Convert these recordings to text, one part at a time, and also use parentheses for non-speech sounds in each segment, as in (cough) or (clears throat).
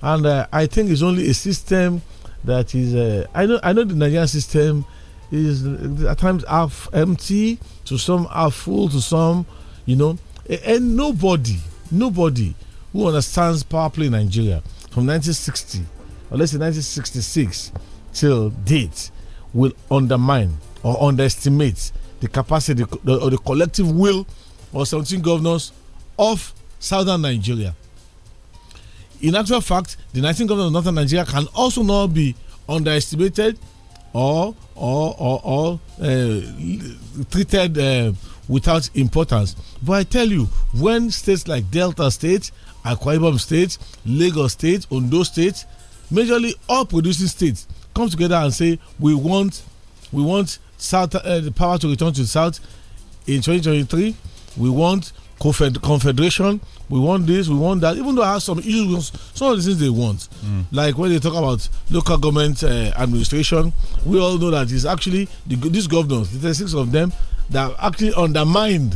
And uh, I think it's only a system that is. Uh, I know. I know the Nigerian system is uh, at times half empty, to some half full, to some, you know, and nobody, nobody who understands power play in Nigeria from 1960, or let's say 1966 till date, will undermine or underestimate the capacity or the collective will of 17 governors of southern Nigeria in actual fact, the 19 governors of northern Nigeria can also not be underestimated or or or, or uh, treated uh, without importance. But I tell you, when states like Delta State, Akwa Ibom State, Lagos State, Ondo State, majorly all producing states come together and say we want we want South uh, the power to return to the South in 2023. We want confed confederation. We want this, we want that. Even though I have some issues, some of the things they want, mm. like when they talk about local government uh, administration, we all know that it's actually the, these governors, the 36 of them, that actually undermined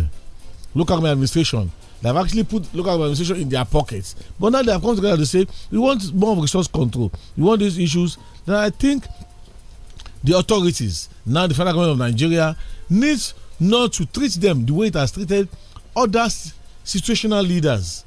local government administration. They have actually put local administration in their pockets. But now they have come together to say, we want more resource control. We want these issues. Then I think the authorities, now the federal government of Nigeria, needs not to treat them the way it has treated other situational leaders,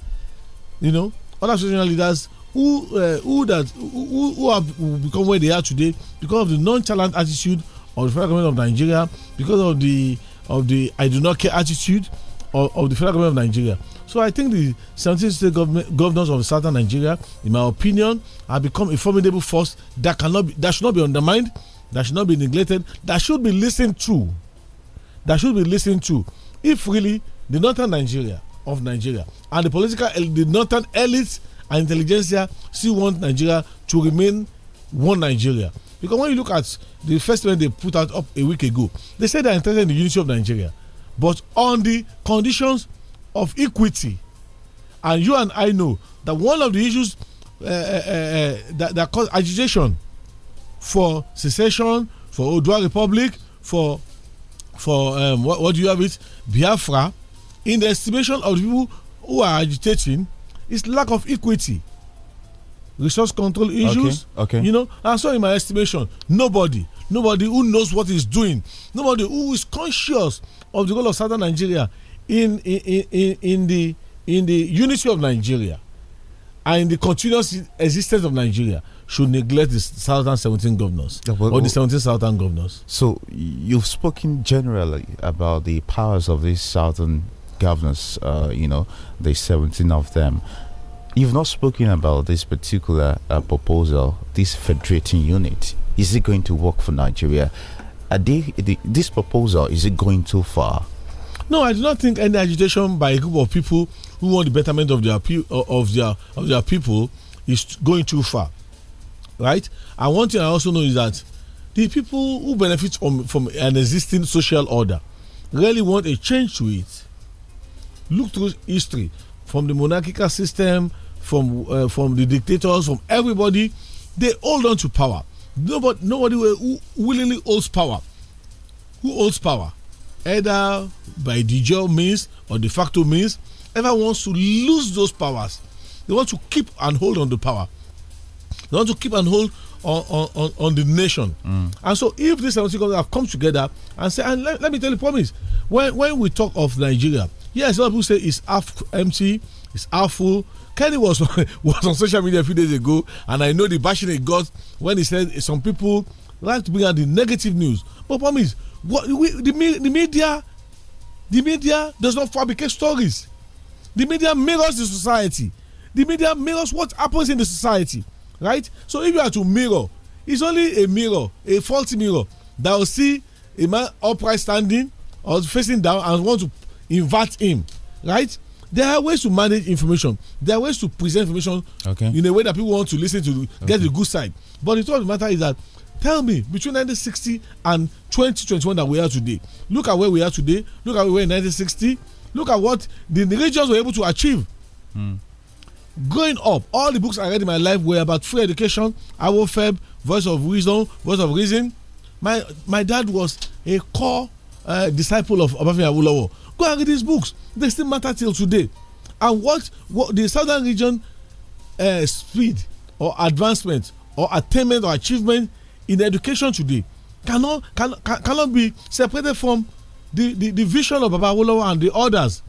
you know, other situational leaders who uh, who that who, who have become where they are today because of the nonchalant attitude of the federal government of Nigeria, because of the of the I do not care attitude of, of the federal government of Nigeria. So I think the 17 state government, governors of southern Nigeria, in my opinion, have become a formidable force that cannot be, that should not be undermined, that should not be neglected, that should be listened to, that should be listened to, if really the northern Nigeria of Nigeria and the political the northern elites and intelligentsia still want Nigeria to remain one Nigeria because when you look at the first one they put out up a week ago they said they're interested in the unity of Nigeria but on the conditions of equity and you and I know that one of the issues uh, uh, uh, that, that cause agitation for secession for Odua Republic for for um, what, what do you have it Biafra in the estimation of the people who are agitating is lack of equity resource control issues okay, okay. you know and so in my estimation nobody nobody who knows what he's doing nobody who is conscious of the role of southern nigeria in in in, in the in the unity of nigeria and in the continuous existence of nigeria should neglect the southern 17 governors yeah, but, or the 17 southern governors so you've spoken generally about the powers of these southern governors, uh, you know, there's 17 of them. You've not spoken about this particular uh, proposal, this federating unit. Is it going to work for Nigeria? They, they, this proposal, is it going too far? No, I do not think any agitation by a group of people who want the betterment of their uh, of their of their people is going too far, right? And one thing I also know is that the people who benefit from, from an existing social order really want a change to it. Look through history from the monarchical system, from uh, from the dictators, from everybody. They hold on to power. Nobody, nobody who willingly holds power. Who holds power? Either by de jure means or de facto means. Everyone wants to lose those powers. They want to keep and hold on the power. They want to keep and hold on, on, on the nation. Mm. And so, if these 17 countries have come together and say, and let, let me tell you, promise, when, when we talk of Nigeria, Yes, a lot of people say it's half empty, it's half full. Kenny was on, (laughs) was on social media a few days ago, and I know the bashing he got when he said some people like to bring out the negative news. But problem is, what we, the, the media, the media does not fabricate stories. The media mirrors the society. The media mirrors what happens in the society, right? So if you are to mirror, it's only a mirror, a faulty mirror that will see a man upright standing or facing down and want to invert him right there are ways to manage information there are ways to present information okay. in a way that people want to listen to get okay. the good side but the truth of the matter is that tell me between 1960 and 2021 that we are today look at where we are today look at where we were in 1960 look at what the religions were able to achieve mm. growing up all the books i read in my life were about free education awofeb voice of wisdom voice of reason my my dad was a core uh, disciple of obafemi awolowo Go and read these books. They still matter till today. And what, what the southern region uh, speed or advancement or attainment or achievement in education today cannot can, can, cannot be separated from the, the, the vision of Baba Wolowo and the others.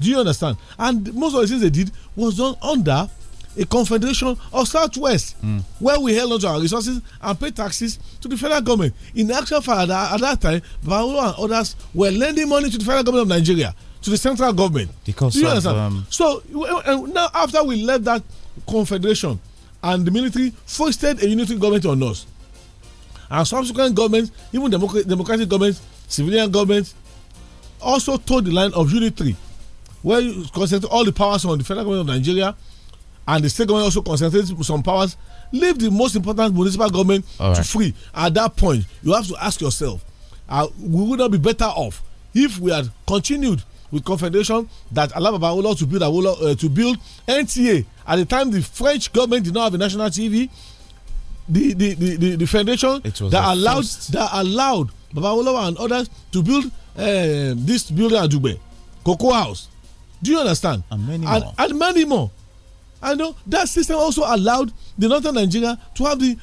Do you understand? And most of the things they did was done under a confederation of southwest mm. where we held onto our resources and paid taxes to the federal government in actual fact at that, time Baolo and others were lending money to the federal government of nigeria to the central government because Do you of, understand um, so uh, uh, now after we left that confederation and the military foisted a unitary government on us and subsequent governments even democratic, democratic governments civilian governments also towed the line of unitary where you concentrate all the powers on the federal government of nigeria and the state government also concentrated some powers leave the most important municipal government right. to free at that point you have to ask yourself uh, we would not be better off if we had continued with confederation that allowed Babawolo to build Awolo, uh, to build NTA at the time the French government did not have a national TV the the the, the, the foundation that allowed first. that allowed Babawolo and others to build uh, this building at Cocoa House do you understand and many and, more and many more I know that system also allowed the northern Nigeria to have the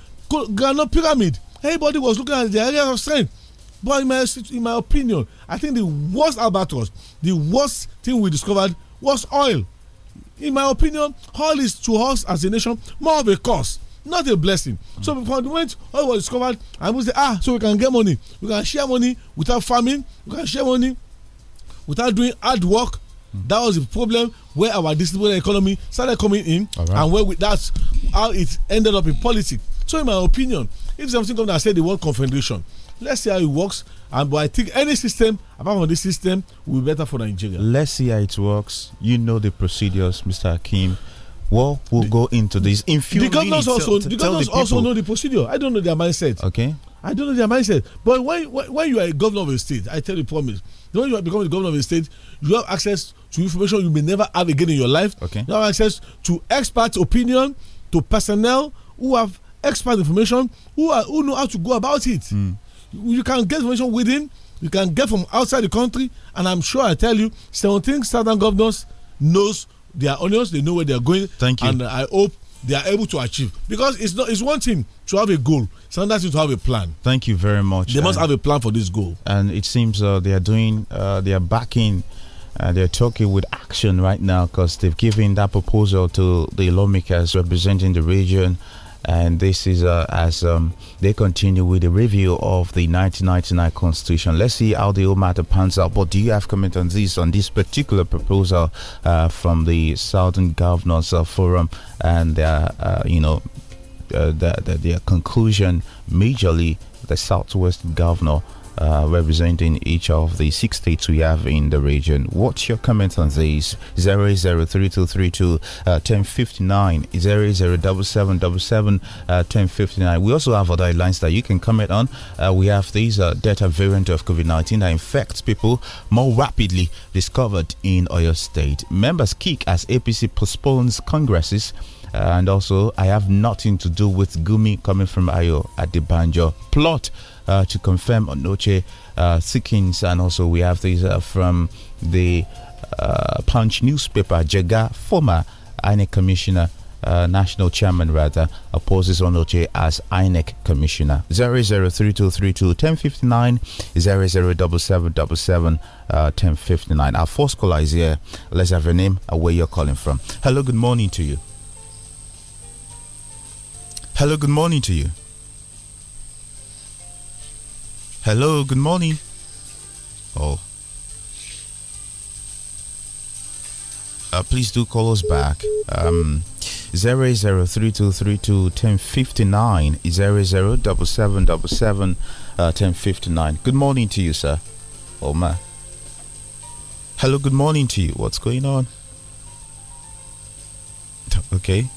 Ghana pyramid. Everybody was looking at the area of strength. But in my, in my opinion, I think the worst albatross, the worst thing we discovered was oil. In my opinion, oil is to us as a nation more of a curse, not a blessing. Mm -hmm. So before the moment oil was discovered, I would say, ah, so we can get money. We can share money without farming. We can share money without doing hard work that was the problem where our distributed economy started coming in, right. and where we, that's how it ended up in politics. So, in my opinion, if something comes and say the word confederation, let's see how it works. And but I think any system apart from this system will be better for Nigeria. Let's see how it works. You know the procedures, Mr. Akim. Well, we'll the, go into this in few the governors minutes. Also, the governors the also know the procedure. I don't know their mindset. Okay. I don't know their mindset. But when, when, when you are a governor of a state, I tell you, promise the moment you become the governor of a state, you have access to information you may never have again in your life. Okay. You have access to expert opinion, to personnel who have expert information, who are, who know how to go about it. Mm. You can get information within, you can get from outside the country, and I'm sure I tell you, 17 southern governors knows their onions, they know where they are going. Thank you. And I hope they are able to achieve because it's not it's one thing to have a goal, Sanders needs to have a plan. Thank you very much. They and must uh, have a plan for this goal. And it seems uh, they are doing, uh, they are backing. Uh, they're talking with action right now because they've given that proposal to the lawmakers representing the region and this is uh, as um, they continue with the review of the 1999 constitution. Let's see how the whole matter pans out. But do you have comment on this on this particular proposal uh, from the Southern Governors uh, Forum and uh, you know uh, the, the, their conclusion majorly the Southwest governor uh, representing each of the six states we have in the region. What's your comment on these? 003232 uh, 1059 007777 uh, We also have other lines that you can comment on. Uh, we have these uh, Delta variant of COVID 19 that infects people more rapidly discovered in Oyo State. Members kick as APC postpones congresses. Uh, and also, I have nothing to do with Gumi coming from Ayo at the Banjo plot uh, to confirm Onoche uh, seekings. And also, we have these uh, from the uh, Punch newspaper. Jega, former INEC commissioner, uh, national chairman rather, opposes Onoche as INEC commissioner. 003232 1059 1059. Uh, Our first caller is here. Let's have your name and where you're calling from. Hello, good morning to you. Hello, good morning to you. Hello, good morning. Oh. Uh, please do call us back. Um, 0032321059 007777 uh, 1059. Good morning to you, sir. Oh, my. Hello, good morning to you. What's going on? (laughs) Okay.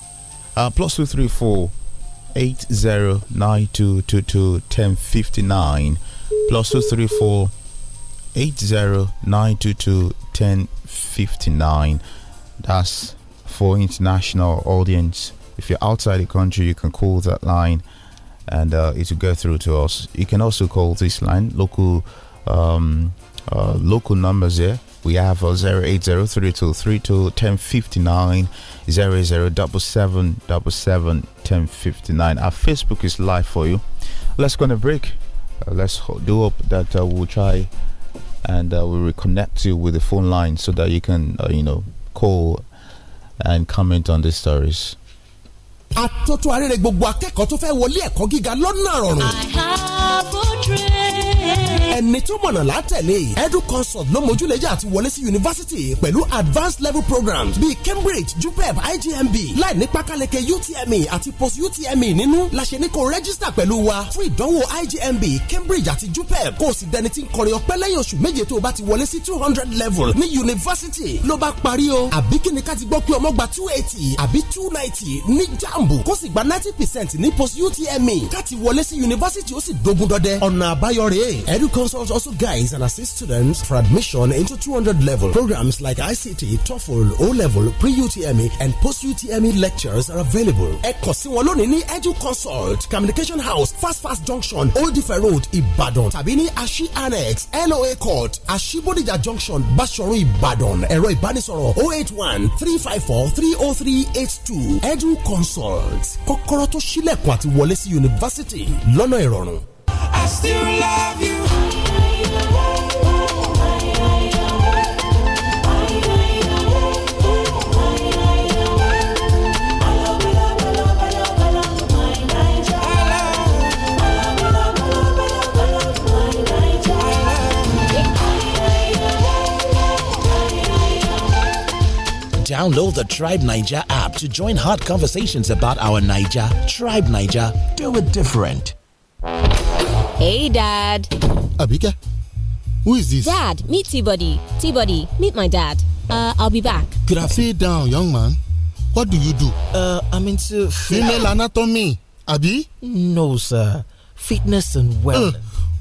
Uh, plus 234 8092221059 plus two three four, eight zero nine two two ten fifty nine. that's for international audience if you're outside the country you can call that line and uh, it will go through to us you can also call this line local um, uh, local numbers here we have uh, 08032321059 Zero zero double seven double seven ten fifty nine. Our Facebook is live for you. Let's go on a break. Uh, let's do hope that uh, we'll try and uh, we'll reconnect you with the phone line so that you can, uh, you know, call and comment on the stories. àtótó arére gbogbo akẹ́kọ̀ọ́ tó fẹ́ wọlé ẹ̀kọ́ gíga lọ́nà I have a dream. ẹni tó mọ̀nà látẹ̀lé edu consult ló mójúlẹ̀jà àti wọlé sí yunifásitì pẹ̀lú advanced level programs bíi Cambridge JUPEB IGMB. láì ní pákáleke UTME àti post UTME nínú la ṣe ní kó rẹ́gísítà pẹ̀lú wa fún ìdánwò IGMB, Cambridge àti JUPEB kó o sì dẹni tí ń kọrin ọpẹ́ lẹ́yìn oṣù méje tó o bá ti wọlé sí two hundred level ní yunifásitì ló bá parí o àbí kí ni ká ti gbọ́ pé ọmọ gba two eighty àbí two ninety ní jambu kó sì gba ninety percent ní post UTME ká ti wọlé sí yunifásitì ó sì dogun dọdẹ ọ̀nà àbáyọ rèé edu Consult also guides and assists students for admission into 200 level. Programs like ICT, TOEFL, O level, pre UTME, and post UTME lectures are available. Ẹ̀kọ́ sí Edu Consult, Communication House, Fast Fast Junction, Old Ife Road, Ibadan. Tabini Ashi Annex, LOA Court, Ashibodija Junction, Basoro, Ibadan. Ẹ̀rọ ìbánisọ̀rọ̀ 081 354 30382. Edu Consult, Kokoroto tó ṣílẹ̀kùn àti wọlé sí yunifásitì lọ́nà I still love you. download the Tribe Niger app to join hot conversations about our Niger. Tribe Niger, do it different. Hey, Dad. Abika, who is this? Dad, meet T-Body. T-Body, meet my dad. Uh, I'll be back. Could I sit down, young man? What do you do? Uh, I'm into female anatomy. Abi? No, sir. Fitness and uh, wellness. Uh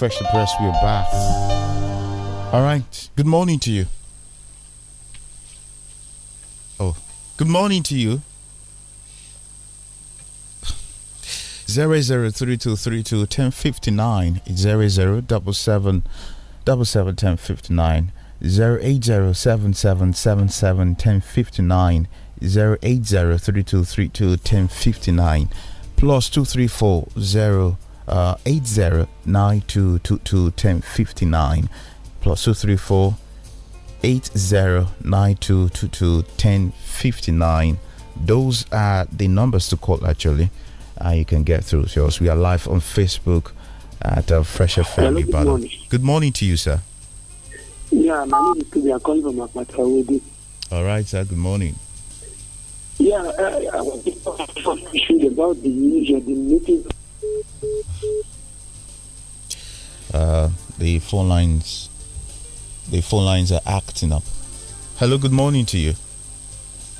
Fresh the Press. We're back. All right. Good morning to you. Oh, good morning to you. Zero zero three two three two ten fifty nine zero zero double seven double seven ten fifty nine zero eight zero seven seven seven seven ten fifty nine zero eight zero three two three two ten fifty nine plus two three four zero. Uh, eight zero nine two two two ten fifty nine plus two three four eight zero nine two two two ten fifty nine. those are the numbers to call actually uh, you can get through to us we are live on facebook at uh, fresh Family. good, morning. good morning to you sir yeah my name is Kubia i from Akmatawodi. all right sir good morning yeah uh, i was just about the meeting uh, the phone lines, the phone lines are acting up. Hello, good morning to you.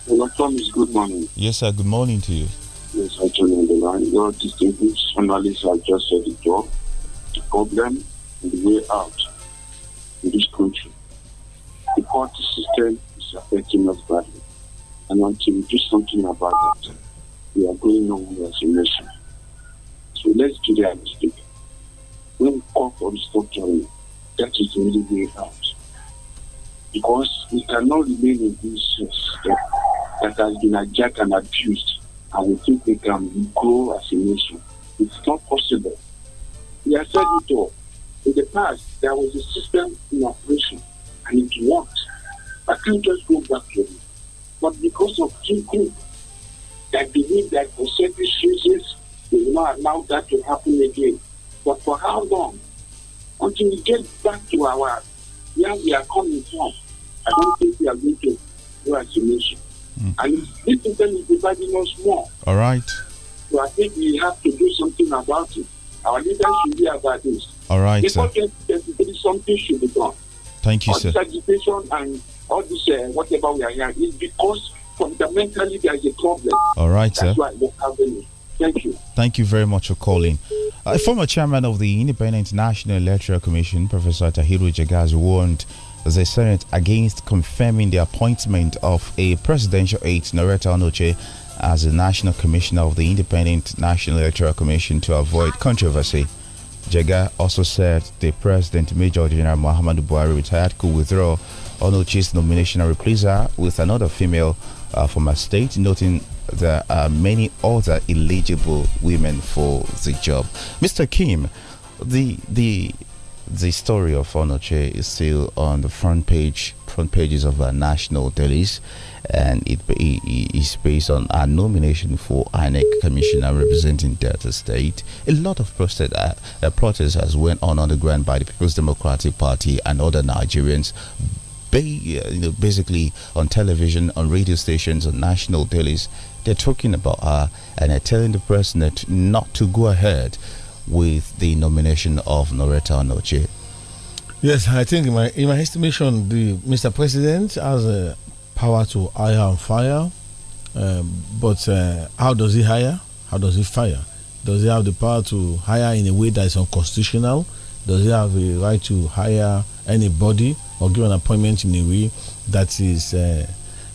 Hello, Thomas. Good morning. Yes, sir. Good morning to you. Yes, I turn on the line. Your distinguished analysts have just said the job, the problem, and the way out in this country. The court system is affecting us badly, and until we do something about that, we are going nowhere as a nation. So let's mistake. realistic. When we call for restructuring, that is the only way out. Because we cannot remain in this system that has been attacked and abused, and we think we can grow as a nation. It's not possible. We have said it all. In the past, there was a system in operation, and it worked. I can just go back to it. But because of two groups that believe that for selfish reasons, will not allow that to happen again. But for how long? Until we get back to our where we are coming from, I don't think we are going to go as a nation. Mm. And this system is dividing us more. All right. So I think we have to do something about it. Our leaders should be about this. All right. Before something should be done. Thank you, all sir. This agitation and all this, uh, whatever we are hearing, because fundamentally there is a problem. All right, That's sir. That's why it's happening. Thank you. Thank you very much for calling. Uh, former chairman of the Independent National Electoral Commission, Professor Tahiru Jagaz, warned the Senate against confirming the appointment of a presidential aide, Noreta Onoche, as the National Commissioner of the Independent National Electoral Commission to avoid controversy. Jaga also said the President Major General Muhammadu Buhari retired could withdraw Onochi's nomination and replace her with another female uh, from her state, noting there are many other eligible women for the job. Mr. Kim, the the the story of Onoche is still on the front page, front pages of our national dailies, and it is based on our nomination for INEC commissioner representing Delta State. A lot of protest, uh, uh, protests has went on on the ground by the People's Democratic Party and other Nigerians. Ba you know, basically on television, on radio stations, on national dailies, they're talking about her, and they're telling the president not to go ahead with the nomination of Noreta Noche. Yes, I think in my in my estimation, the Mr. President has a uh, power to hire and fire, um, but uh, how does he hire? How does he fire? Does he have the power to hire in a way that is unconstitutional? Does he have a right to hire anybody or give an appointment in a way that is uh,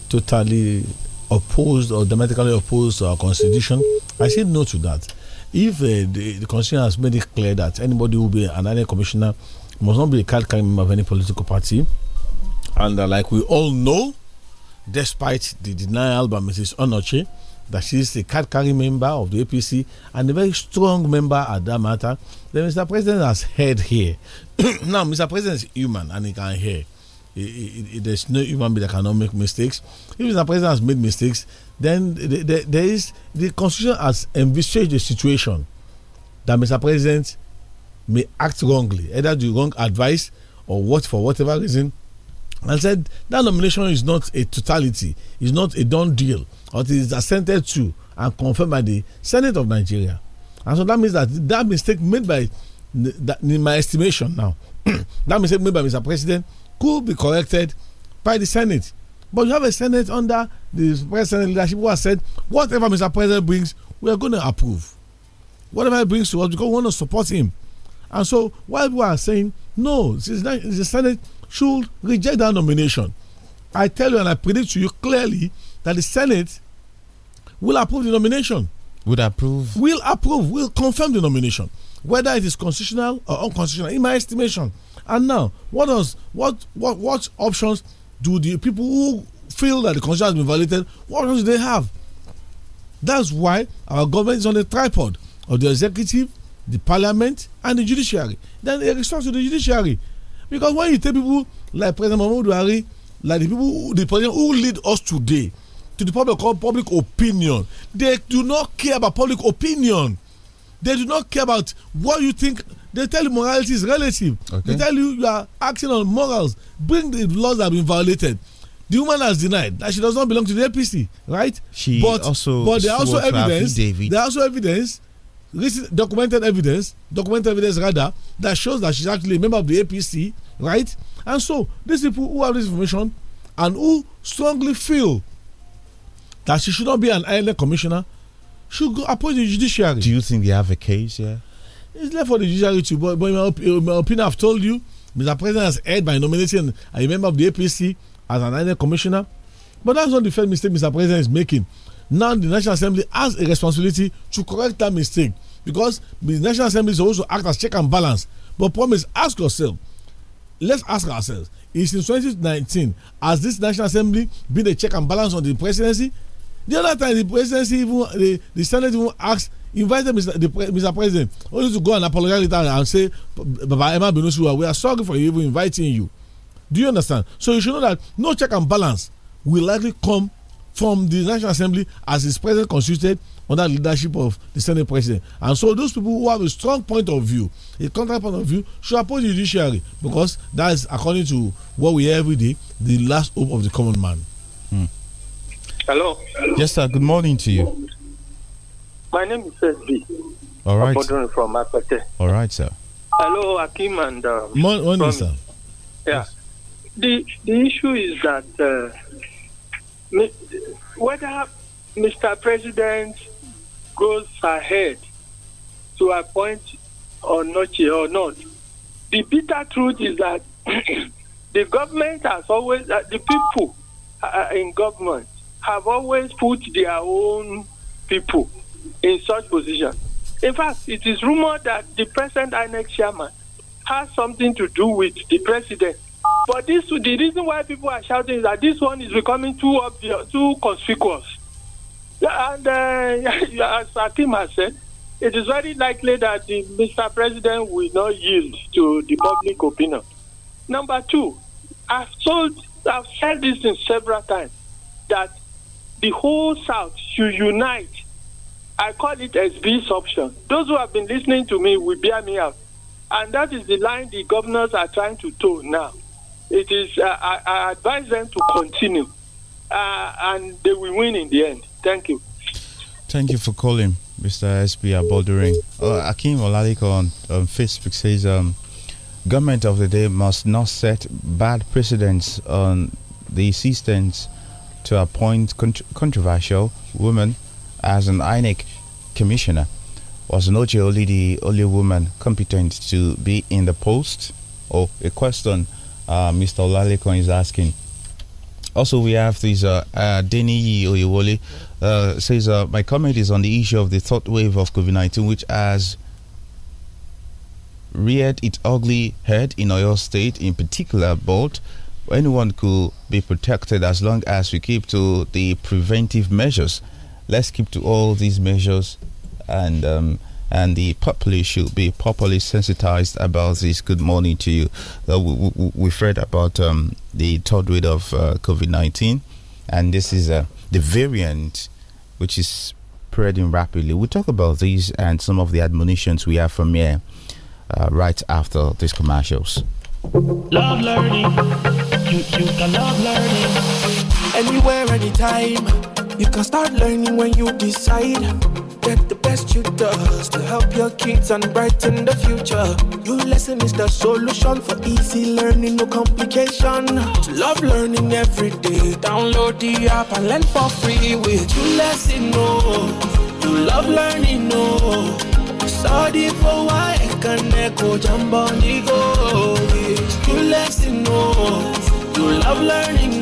totally opposed or dramatically opposed to our constitution. I said no to that. If uh, the, the, constitution has made it clear that anybody who be an annual commissioner must not be a card carrying member of any political party, and uh, like we all know, despite the denial by Mrs. Onochi that she's a card carrying member of the APC and a very strong member at that matter, then Mr. President has heard here. (coughs) now, Mr. President is human and he can hear it, there's no human being that cannot make mistakes. If the president has made mistakes, then the, there is the constitution has envisaged a situation that Mr. President may act wrongly, either do wrong advice or what for whatever reason. And said that nomination is not a totality, it's not a done deal, but it is assented to and confirmed by the Senate of Nigeria. And so that means that that mistake made by, in my estimation now, (clears throat) that mistake made by Mr. President could be corrected by the Senate. But you have a Senate under the president leadership who has said, whatever Mr. President brings, we are going to approve. Whatever he brings to us, because we want to support him. And so, while we are saying, no, the Senate should reject that nomination, I tell you and I predict to you clearly that the Senate will approve the nomination. Would approve? Will approve, will confirm the nomination, whether it is constitutional or unconstitutional, in my estimation and now, what does what what what options do the people who feel that the constitution has been violated? What options do they have? That's why our government is on a tripod of the executive, the parliament, and the judiciary. Then it restarts to the judiciary, because when you take people like President Mahmoud Buhari, like the people, the president who lead us today, to the public called public opinion. They do not care about public opinion. They do not care about what you think they tell you morality is relative. Okay. They tell you you are acting on morals. Bring the laws that have been violated. The woman has denied that she does not belong to the APC, right? She but, also but there are also evidence. There are also evidence, recent documented evidence, documented evidence rather, that shows that she's actually a member of the APC, right? And so these people who have this information and who strongly feel that she should not be an island commissioner should go appoint the judiciary. Do you think they have a case? Yeah. It's left for the judiciary But, but in, my, in my opinion, I've told you, Mr. President has erred by nominating a member of the APC as an INEC commissioner. But that's not the first mistake Mr. President is making. Now the National Assembly has a responsibility to correct that mistake because the National Assembly is also act as check and balance. But promise, ask yourself. Let's ask ourselves: Is in 2019 has this National Assembly been a check and balance on the presidency? The other time the presidency even the, the Senate even asked invited Mr. The, Mr. President only to go and apologize later and say, Baba Emma Benosuwa, we are sorry for you even inviting you. Do you understand? So you should know that no check and balance will likely come from the National Assembly as its President constituted under leadership of the Senate President. And so those people who have a strong point of view, a contrary point of view, should oppose the judiciary because that is according to what we hear every day, the last hope of the common man. Hmm. Hello. Yes, sir. Good morning to you. My name is SB. All right. I'm from Apate. All right, sir. Hello, Akim and. Um, Mon- sir. Yeah. Yes. The, the issue is that uh, whether Mr. President goes ahead to appoint Onochi or not, the bitter truth is that (clears throat) the government has always, uh, the people uh, uh, in government have always put their own people in such position. In fact, it is rumored that the present INEC chairman has something to do with the president. But this, the reason why people are shouting is that this one is becoming too obvious, too conspicuous. And uh, (laughs) as Akim has said, it is very likely that the Mr. President will not yield to the public opinion. Number two, I've told, I've said this in several times that the whole South should unite I call it this option. Those who have been listening to me will bear me out. And that is the line the governors are trying to toe now. It is, uh, I, I, advise them to continue, uh, and they will win in the end. Thank you. Thank you for calling, Mr. SB Abodering. Uh, Akim Olaliko on, on Facebook says, um, government of the day must not set bad precedents on the assistants to appoint cont controversial women as an INEC commissioner, was Noche only the only woman competent to be in the post? Or oh, a question uh, Mr. Olalekon is asking. Also, we have this uh, uh, Oyewole uh, says, uh, My comment is on the issue of the third wave of COVID 19, which has reared its ugly head in Oyo State in particular, but anyone could be protected as long as we keep to the preventive measures let's keep to all these measures and um, and the populace should be properly sensitized about this. Good morning to you. Uh, we, have we, read about um, the third wave of uh, COVID 19, and this is uh, the variant which is spreading rapidly. We'll talk about these and some of the admonitions we have from here uh, right after these commercials. Love learning. You, you can love learning. Anywhere, anytime. You can start learning when you decide. Get the best you does to help your kids and brighten the future. Your lesson is the solution for easy learning, no complication. To love learning every day. Download the app and learn for free with your lesson. you love learning. Oh, study for why I can echo jambonigo. Your lesson. Oh, you love learning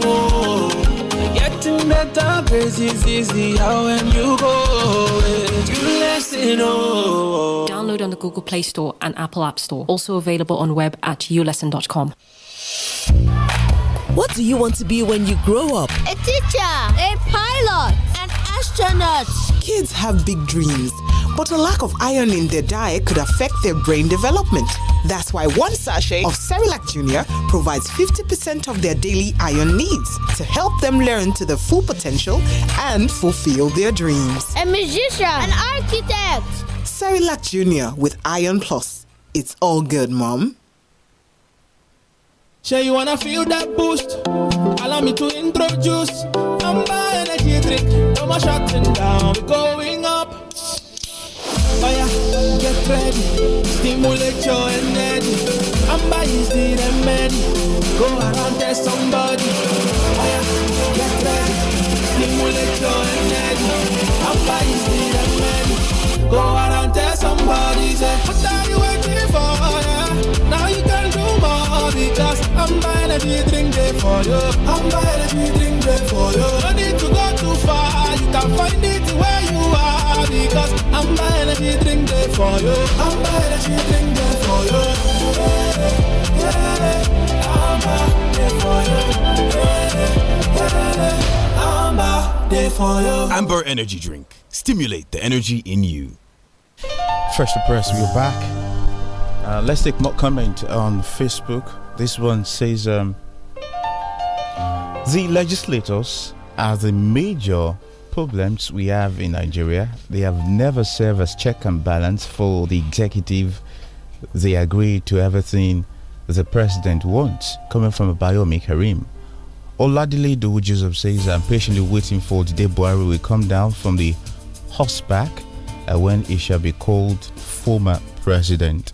better places easier when you go. lesson oh. Download on the Google Play Store and Apple App Store. Also available on web at ulesson.com. What do you want to be when you grow up? A teacher, a pilot Kids have big dreams, but a lack of iron in their diet could affect their brain development. That's why one sachet of Cerilac Junior provides 50% of their daily iron needs to help them learn to their full potential and fulfill their dreams. A musician, an architect. Cerilac Junior with Iron Plus. It's all good, Mom. Say you wanna feel that boost? Allow me to introduce Amba Energy Drink no more shutting down, we're going up. Fire, get ready, stimulate your energy. Amber is the many. go and test somebody. Fire, get ready, stimulate your energy. Amber is the many. go and test somebody. Say, I'm buying drink for you. I'm buying drink for you. No need to go too far, you can find it where you are because I'm buying drink for you. I'm buying drink for you. Yeah, yeah, I'm for you. Amber Energy Drink. Stimulate the energy in you. Fresh to press, we're back. Uh, let's take more comment on Facebook. This one says um, the legislators are the major problems we have in Nigeria. They have never served as check and balance for the executive. They agree to everything the president wants, coming from Bayomi Karim. Oladile Joseph says, I'm patiently waiting for the day Buhari will come down from the horseback and uh, when he shall be called former president.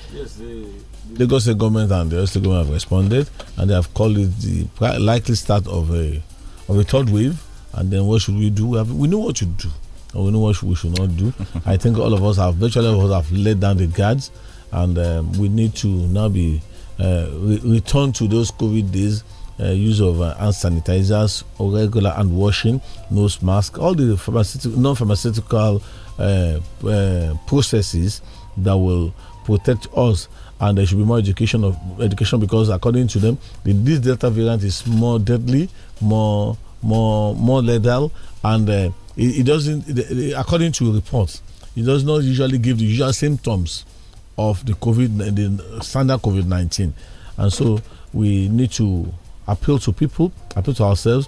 Yes, the, the Lagos State government and the State government have responded, and they have called it the likely start of a of a third wave. And then what should we do? We, have, we know what to do, and we know what we should not do. (laughs) I think all of us have virtually all of us have let down the guards, and um, we need to now be uh, re return to those COVID days. Uh, use of uh, hand sanitizers, regular hand washing, nose mask, all the pharmaceutical, non-pharmaceutical uh, uh processes that will protect us and there should be more education of education because according to them the, this delta variant is more deadly more more more lethal and uh, it, it, doesn't it, according to reports it does not usually give the usual symptoms of the covid the standard covid-19 and so we need to appeal to people appeal to ourselves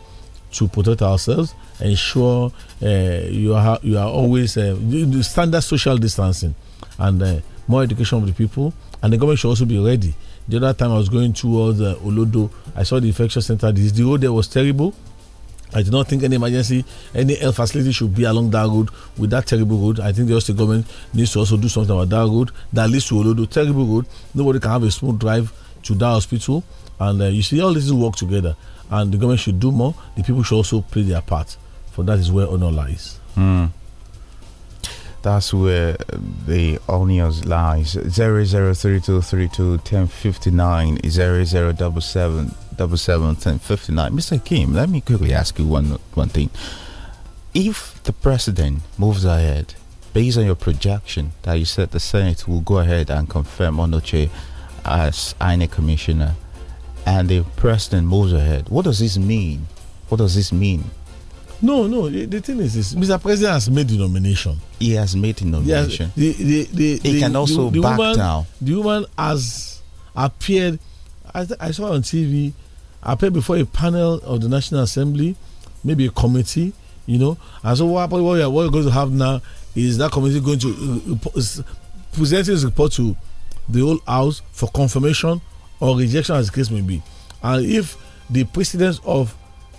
to protect ourselves ensure uh, you are you are always uh, the standard social distancing and uh, more education of the people, and the government should also be ready. The other time I was going towards uh, Olodo, I saw the infection center. This, the road there was terrible. I do not think any emergency, any health facility should be along that road with that terrible road. I think the state government needs to also do something about that road that leads to Olodo. Terrible road. Nobody can have a smooth drive to that hospital. And uh, you see, all these work together. And the government should do more. The people should also play their part. For that is where honor lies. Mm. That's where the onions lies. 0032321059 Mr. Kim, let me quickly ask you one one thing. If the president moves ahead, based on your projection that you said the Senate will go ahead and confirm Onoche as INA commissioner, and the president moves ahead, what does this mean? What does this mean no, no. The, the, thing is, is Mr. President has made the nomination. He has made the nomination. He, has, the, the, he can also back woman, down. The woman has appeared. I, I saw on TV. Appeared before a panel of the National Assembly, maybe a committee. You know, and so what, what, we are, what we're going to have now is that committee going to uh, present its report to the whole House for confirmation or rejection, as the case may be. And if the precedence of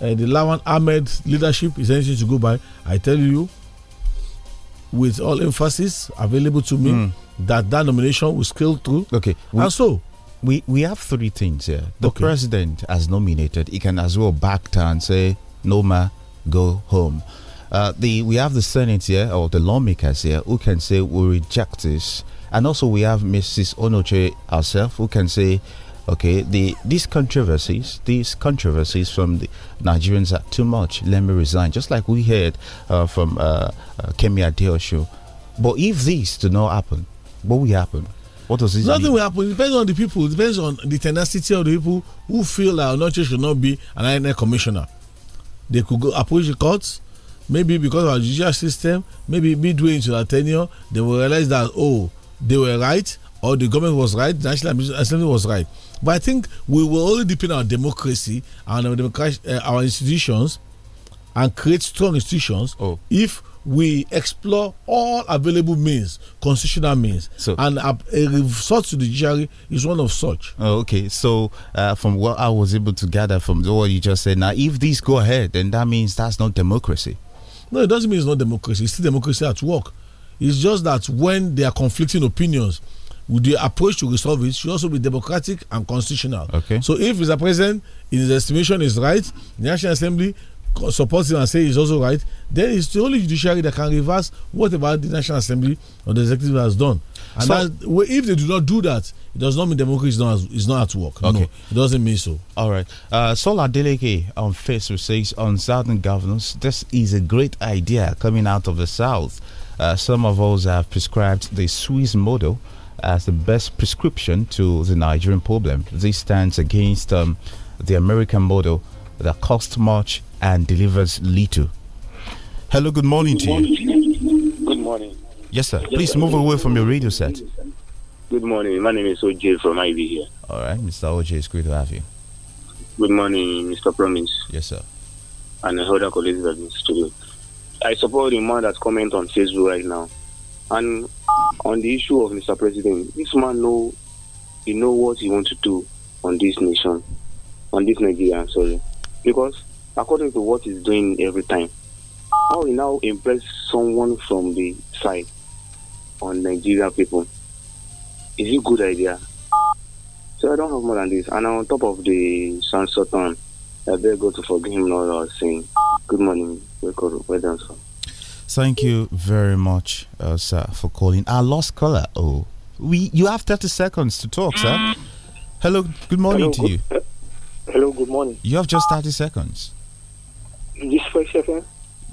uh, the Lawan Ahmed leadership is anything to go by, I tell you with all emphasis available to me mm. that that nomination will scale through. Okay. We, and so we we have three things here. The okay. president has nominated. He can as well back down and say, "No ma, go home." Uh, the we have the Senate here or the lawmakers here who can say we reject this, and also we have Mrs. Onoche herself who can say Okay, the these controversies, these controversies from the Nigerians are too much. Let me resign, just like we heard uh, from uh, uh, Kemi Adeosho. But if these do not happen, what will happen? What does this Nothing mean? will happen. It depends on the people. It depends on the tenacity of the people who feel that Onoche should not be an INA commissioner. They could go approach the courts. Maybe because of our judicial system, maybe midway into their tenure, they will realize that, oh, they were right or the government was right, the National Assembly was right. But I think we will only deepen our democracy and our, uh, our institutions and create strong institutions oh. if we explore all available means, constitutional means, so, and a, a resort to the judiciary is one of such. Oh, okay, so uh, from what I was able to gather from what you just said, now if these go ahead, then that means that's not democracy. No, it doesn't mean it's not democracy. It's still democracy at work. It's just that when there are conflicting opinions, the approach to resolve it should also be democratic and constitutional. Okay. So if Mr. President, in his estimation, is right, the National Assembly supports him and says he's also right, then it's the only judiciary that can reverse whatever the National Assembly or the executive has done. And so, that, if they do not do that, it does not mean democracy is not, is not at work. Okay. No, it doesn't mean so. All right. Uh, Sola Deleke on Facebook says on Southern governance, this is a great idea coming out of the South. Uh, some of us have prescribed the Swiss model as the best prescription to the Nigerian problem. This stands against um, the American model that costs much and delivers little. Hello, good morning to you. Good morning. Yes, sir. Please move away from your radio set. Good morning. My name is OJ from Ivy here. All right, Mr. OJ, it's great to have you. Good morning, Mr. Promise. Yes, sir. And other colleagues in the studio. I support the man that's comment on Facebook right now. And on the issue of Mr. President, this man know he know what he wants to do on this nation, on this Nigeria, sorry. Because according to what he's doing every time, how he now impress someone from the side on Nigeria people. Is it good idea? So I don't have more than this. And on top of the San Sotan, I beg God to forgive him all our sin. Good morning. Welcome. welcome. sir. Thank you very much, uh, sir, for calling. Our lost caller. Oh, we you have 30 seconds to talk, sir. Hello, good morning hello, to good, you. Uh, hello, good morning. You have just 30 seconds. this Fresh FM?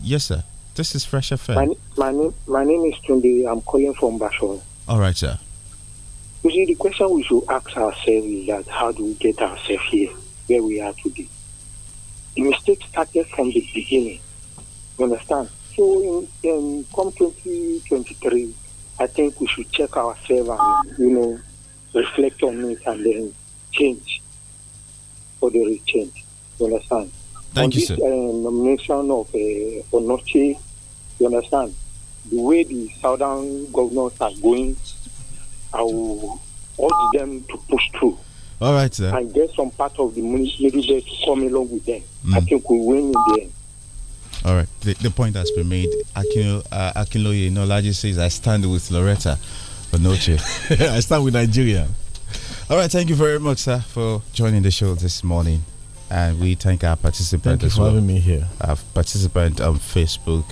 Yes, sir. This is Fresh FM. My, my, name, my name is Tunde. I'm calling from Basho. All right, sir. You see, the question we should ask ourselves is that how do we get ourselves here, where we are today? The mistake started from the beginning. You understand? So in, in come 2023, I think we should check ourselves and, you know, reflect on it and then change for the real change. You understand? Thank on you, this, sir. Uh, nomination of uh, Onochi, you understand? The way the southern governors are going, I will urge them to push through. All right, sir. And get some part of the there to come along with them. Mm. I think we win in the end. All right. The, the point has been made. Akinlo, uh, Akinloye Inolaji says, I stand with Loretta Onoche. (laughs) (laughs) I stand with Nigeria. All right. Thank you very much, sir, for joining the show this morning. And we thank our participants. Thank you for well. having me here. Our participant on Facebook,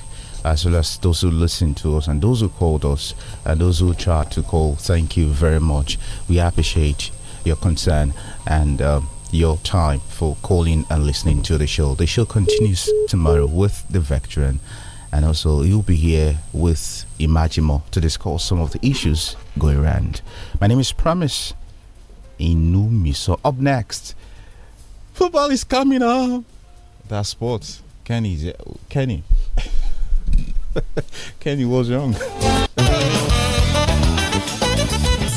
as well as those who listened to us and those who called us and those who tried to call. Thank you very much. We appreciate your concern and. Um, your time for calling and listening to the show. The show continues tomorrow with the veteran, and also you'll be here with Imajimo to discuss some of the issues going around. My name is Promise Inumi. So up next, football is coming up. That's sports. Kenny, Kenny, (laughs) Kenny was wrong. (laughs)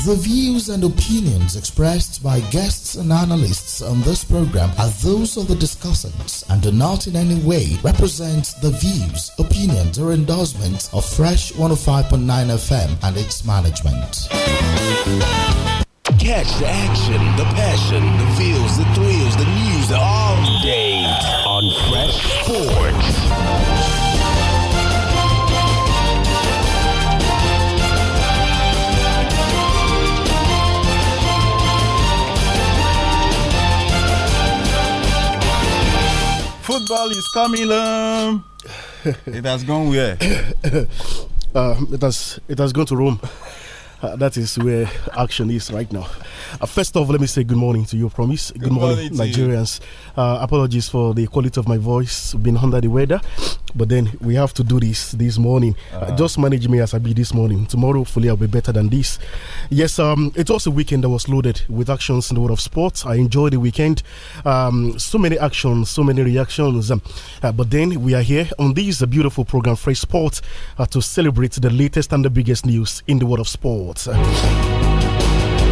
The views and opinions expressed by guests and analysts on this program are those of the discussants and do not in any way represent the views, opinions, or endorsements of Fresh 105.9 FM and its management. Catch the action, the passion, the feels, the thrills, the news all day on Fresh Sports. Football is coming. Um, (laughs) it has gone where? (coughs) Uh, it has it has gone to Rome. Uh, that is where action is right now. Uh, first off, let me say good morning to you, Promise. Good, good morning, morning Nigerians. Uh, apologies for the quality of my voice, been under the weather but then we have to do this this morning. Uh -huh. Just manage me as I be this morning. Tomorrow, hopefully, I'll be better than this. Yes, um, it was a weekend that was loaded with actions in the world of sports. I enjoyed the weekend. Um, so many actions, so many reactions. Um, uh, but then we are here on this beautiful program, Fresh Sport, uh, to celebrate the latest and the biggest news in the world of sports.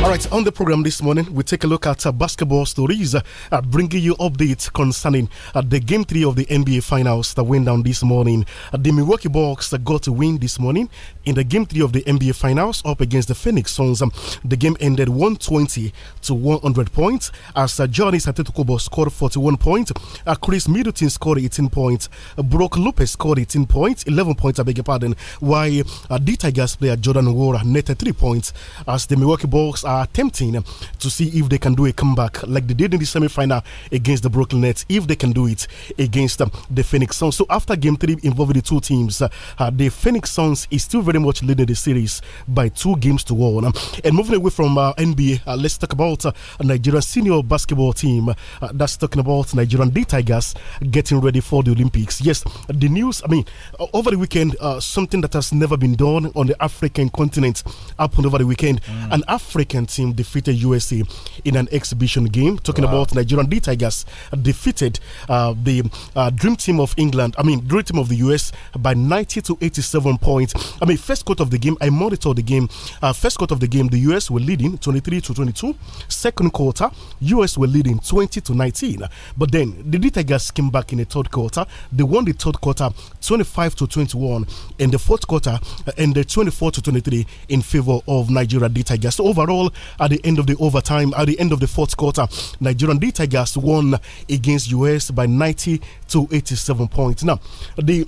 All right, on the program this morning, we take a look at uh, basketball stories, uh, uh, bringing you updates concerning uh, the game three of the NBA Finals that went down this morning. Uh, the Milwaukee Bucks got a win this morning in the game three of the NBA Finals up against the Phoenix Suns. Um, the game ended 120 to 100 points as uh, Johnny Satetokobo scored 41 points, uh, Chris Middleton scored 18 points, Brock Lopez scored 18 points, 11 points, I beg your pardon, while the Tigers player Jordan Wara netted 3 points as the Milwaukee Bucks are attempting to see if they can do a comeback like they did in the semi final against the Brooklyn Nets, if they can do it against um, the Phoenix Suns. So after game three involving the two teams, uh, uh the Phoenix Suns is still very much leading the series by two games to one. Um, and moving away from uh, NBA, uh, let's talk about uh, Nigerian senior basketball team uh, that's talking about Nigerian D Tigers getting ready for the Olympics. Yes, the news, I mean, over the weekend, uh, something that has never been done on the African continent happened over the weekend. Mm. An African African team defeated USA in an exhibition game. Talking wow. about Nigerian D Tigers defeated uh, the uh, Dream Team of England, I mean, Dream Team of the US by 90 to 87 points. I mean, first quarter of the game, I monitored the game. Uh, first quarter of the game, the US were leading 23 to 22. Second quarter, US were leading 20 to 19. But then the D Tigers came back in the third quarter. They won the third quarter 25 to 21, In the fourth quarter uh, ended 24 to 23 in favor of Nigeria D Tigers. So overall, at the end of the overtime, at the end of the fourth quarter. Nigerian D Tigers won against US by 90 to 87 points. Now, the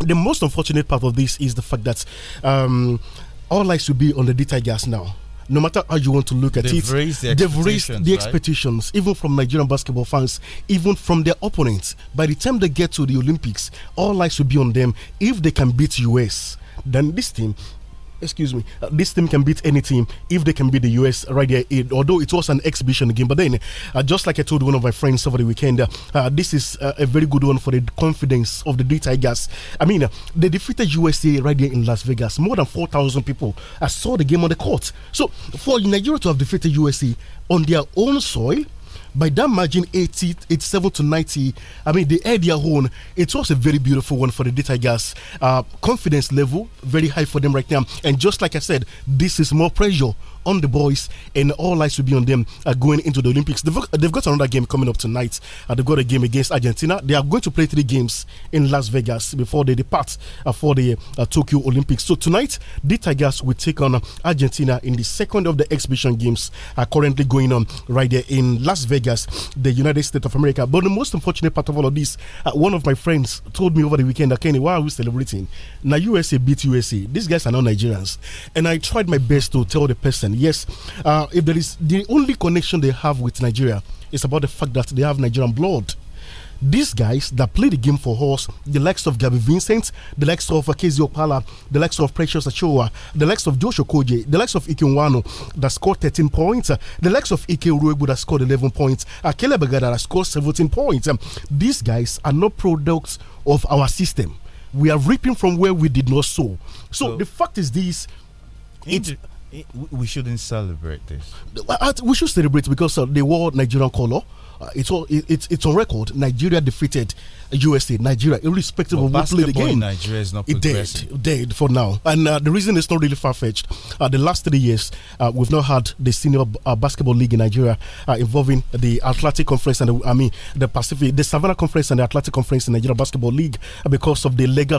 the most unfortunate part of this is the fact that um, all eyes will be on the D Tigers now no matter how you want to look at they've it, raised the they've raised the right? expectations, even from Nigerian basketball fans, even from their opponents. By the time they get to the Olympics, all eyes will be on them. If they can beat US, then this team excuse me, uh, this team can beat any team if they can beat the US right there. It, although it was an exhibition game, but then, uh, just like I told one of my friends over the weekend, uh, uh this is uh, a very good one for the confidence of the D Tigers. I mean, uh, they defeated USA right there in Las Vegas. More than 4,000 people saw the game on the court. So, for Nigeria to have defeated USA on their own soil, by that margin 80, 87 to 90, I mean, they had their own. It was a very beautiful one for the Tigers. Uh, confidence level, very high for them right now. And just like I said, this is more pressure on the boys, and all eyes will be on them uh, going into the Olympics. They've, they've got another game coming up tonight. Uh, they've got a game against Argentina. They are going to play three games in Las Vegas before they depart uh, for the uh, Tokyo Olympics. So tonight, the Tigers will take on Argentina in the second of the exhibition games uh, currently going on right there in Las Vegas, the United States of America. But the most unfortunate part of all of this, uh, one of my friends told me over the weekend, Kenny, why are we celebrating? Now USA beat USA. These guys are not Nigerians, and I tried my best to tell the person Yes, uh, if there is the only connection they have with Nigeria is about the fact that they have Nigerian blood. These guys that play the game for us, the likes of Gabby Vincent, the likes of Akezi Opala, the likes of Precious Achoa, the likes of Joshua Koje, the likes of Ikinwano that scored 13 points, uh, the likes of Ike Uruegu that scored 11 points, Akele Bagada that scored 17 points. Um, these guys are not products of our system. We are reaping from where we did not sow. So the fact is this. It, Eh, we shouldn't celebrate this. We should celebrate because uh, they wore Nigerian color. Uh, it's all it, it's it's on record. Nigeria defeated USA, Nigeria, irrespective of who played the game. Nigeria is not it did, did for now. And uh, the reason it's not really far fetched, uh, the last three years, uh, we've not had the senior uh, basketball league in Nigeria uh, involving the Atlantic Conference and the, I mean the Pacific, the Savannah Conference and the Atlantic Conference in Nigeria Basketball League uh, because of the legal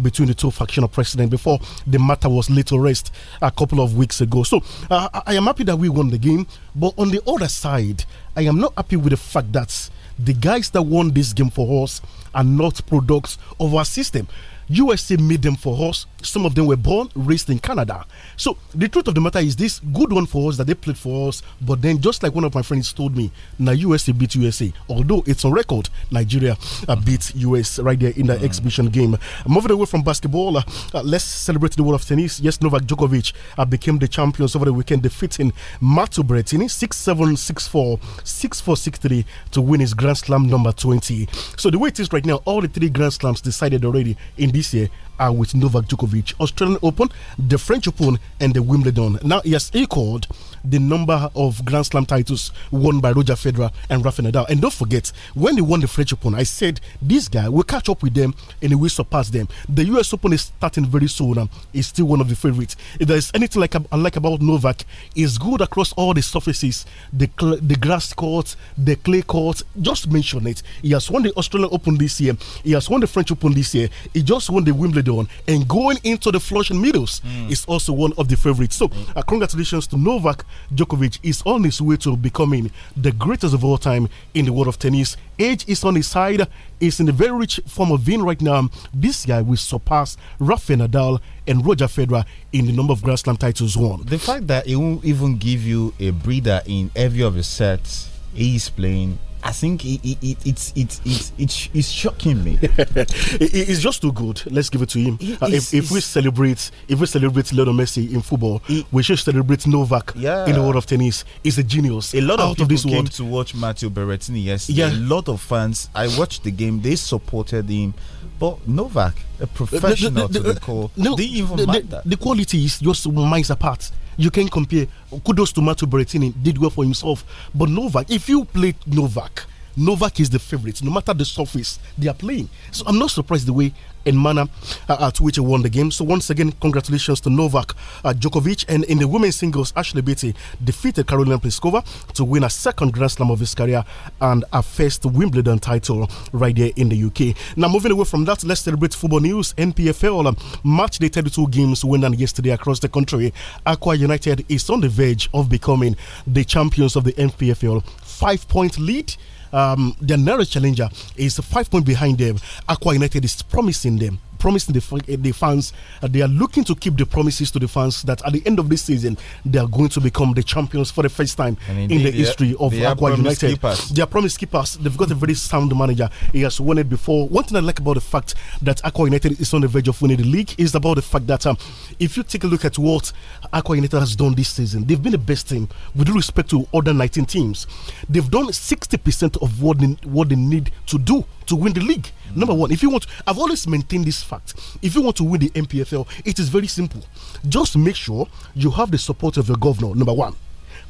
between the two factional presidents. Before the matter was little to rest a couple of weeks ago. So I am happy that we won the game, but on the other side, I am not happy with the fact that the guys that won this game for us are not products of our system. USA made them for us. Some of them were born, raised in Canada. So the truth of the matter is this good one for us that they played for us, but then just like one of my friends told me, now USA beat USA. Although it's on record, Nigeria uh, beat US right there in the mm. exhibition game. Moving away from basketball, uh, uh, let's celebrate the world of tennis. Yes, Novak Djokovic uh, became the champions over the weekend, defeating Matteo Berrettini 6-7, 6-4, to win his Grand Slam number 20. So the way it is right now, all the three Grand Slams decided already in this year are uh, with Novak Djokovic. Australian Open, the French Open, and the Wimbledon. Now he has equaled the number of Grand Slam titles won by Roger Federer and Rafael Nadal. And don't forget, when they won the French Open, I said this guy will catch up with them and he will surpass them. The US Open is starting very soon. and he's still one of the favorites. If there's anything like I like about Novak, he's good across all the surfaces, the the grass court, the clay court. Just mention it. He has won the Australian Open this year. He has won the French Open this year. He just won the Wimbledon, and going into the Flushing Meadows mm. is also one of the favorites. So, uh, congratulations to Novak Djokovic is on his way to becoming the greatest of all time in the world of tennis. Age is on his side. He's in a very rich form of being right now. This guy will surpass Rafael Nadal and Roger Federer in the number of Grand Slam titles won. The fact that he won't even give you a breather in every of his sets he's playing I think it, it, it's it, it, it, it's shocking me. (laughs) it's just too good. Let's give it to him. It, uh, if, if we celebrate, if we celebrate Lionel Messi in football, we should celebrate Novak yeah. in the world of tennis. He's a genius. A lot of people of this came world. to watch Matteo Berrettini yesterday. Yeah. A lot of fans. I watched the game. They supported him. But Novak, a professional the, the, the, to the core, no, didn't even the, the, the quality is just miles apart you can compare. Kudos to Matteo Berrettini, did well for himself. But Novak, if you played Novak, Novak is the favorite, no matter the surface they are playing. So I'm not surprised the way and manner uh, at which he won the game. So once again, congratulations to Novak uh, Djokovic. And in the women's singles, Ashley Beatty defeated Karolina Pliskova to win a second Grand Slam of his career and a first Wimbledon title right there in the UK. Now moving away from that, let's celebrate football news. NPFL um, uh, match day 32 games won on yesterday across the country. Aqua United is on the verge of becoming the champions of the NPFL. Five point lead um, their nearest challenger is five points behind them. Aqua United is promising them promising the, eh, the fans, that uh, they are looking to keep the promises to the fans that at the end of this season, they are going to become the champions for the first time indeed, in the history are, of Aqua United. They are promise keepers. They've got a very sound manager. He has won it before. One thing I like about the fact that Aqua United is on the verge of winning the league is about the fact that um, if you take a look at what Aqua United has done this season, they've been the best team with respect to other 19 teams. They've done 60% of what they, what they need to do to win the league. Number one, if you want, I've always maintained this fact. If you want to win the MPFL, it is very simple. Just make sure you have the support of your governor. Number one.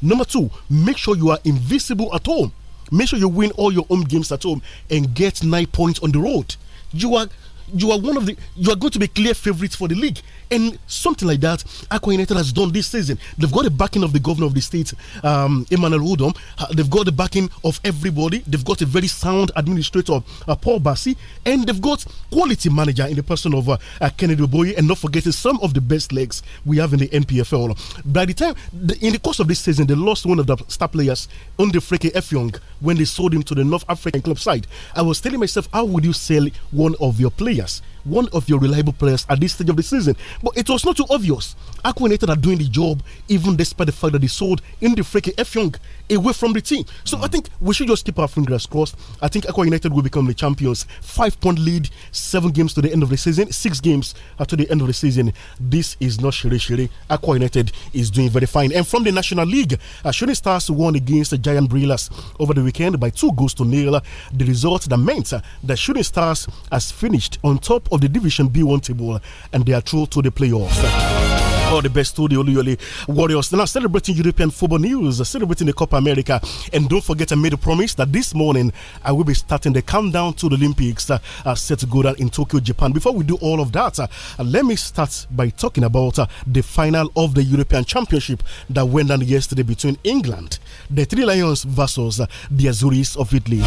Number two, make sure you are invisible at home. Make sure you win all your home games at home and get nine points on the road. You are you are one of the you are going to be clear favorites for the league and something like that, Aqua United has done this season. They've got the backing of the governor of the state, um, Emmanuel Udom. They've got the backing of everybody. They've got a very sound administrator, uh, Paul Bassi, and they've got quality manager in the person of uh, uh, Kennedy Oboye, and not forgetting some of the best legs we have in the NPFL. By the time, the, in the course of this season, they lost one of the star players, on the Freke when they sold him to the North African club side. I was telling myself, how would you sell one of your players? one of your reliable players at this stage of the season. But it was not too obvious. Aqua are doing the job, even despite the fact that they sold in the freaking F Young away from the team. So mm. I think we should just keep our fingers crossed. I think Aqua United will become the champions. Five point lead, seven games to the end of the season, six games after the end of the season. This is not Shire Shire. Aqua United is doing very fine. And from the National League, uh, Shooting Stars won against the Giant Brillas over the weekend by two goals to nil. The result that meant uh, that Shooting Stars has finished on top of the Division B1 table and they are through to the playoffs all the best to the Oluyole Warriors. Now, celebrating European football news, celebrating the Copa America. And don't forget, I made a promise that this morning I will be starting the countdown to the Olympics uh, uh, set to go down in Tokyo, Japan. Before we do all of that, uh, let me start by talking about uh, the final of the European Championship that went down yesterday between England, the Three Lions versus uh, the Azuris of Italy.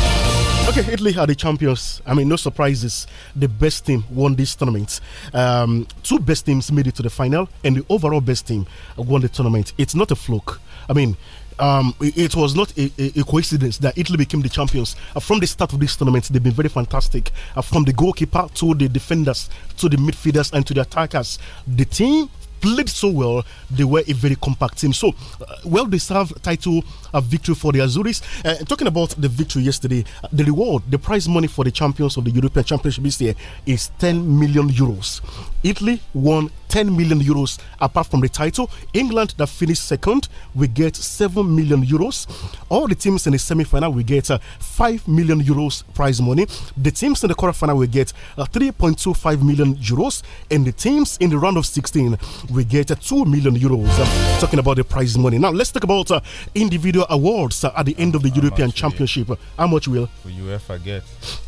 Okay, Italy are the champions. I mean, no surprises. The best team won this tournament. Um, two best teams made it to the final, and the overall best team won the tournament. It's not a fluke. I mean, um, it was not a, a, coincidence that Italy became the champions. Uh, from the start of this tournament, they've been very fantastic. Uh, from the goalkeeper to the defenders, to the midfielders, and to the attackers, the team played so well. They were a very compact team. So, uh, well deserved title uh, victory for the Azuris. Uh, talking about the victory yesterday, uh, the reward, the prize money for the champions of the European Championship this year is 10 million euros. Italy won 10 million euros apart from the title. England that finished second we get 7 million euros. All the teams in the semi final we get uh, 5 million euros prize money. The teams in the quarterfinal we get uh, 3.25 million euros. And the teams in the round of 16 we get uh, 2 million euros. Um, talking about the prize money. Now, let's talk about uh, individual awards uh, at the end of the how European Championship. Will? Uh, how much will? Will you ever get?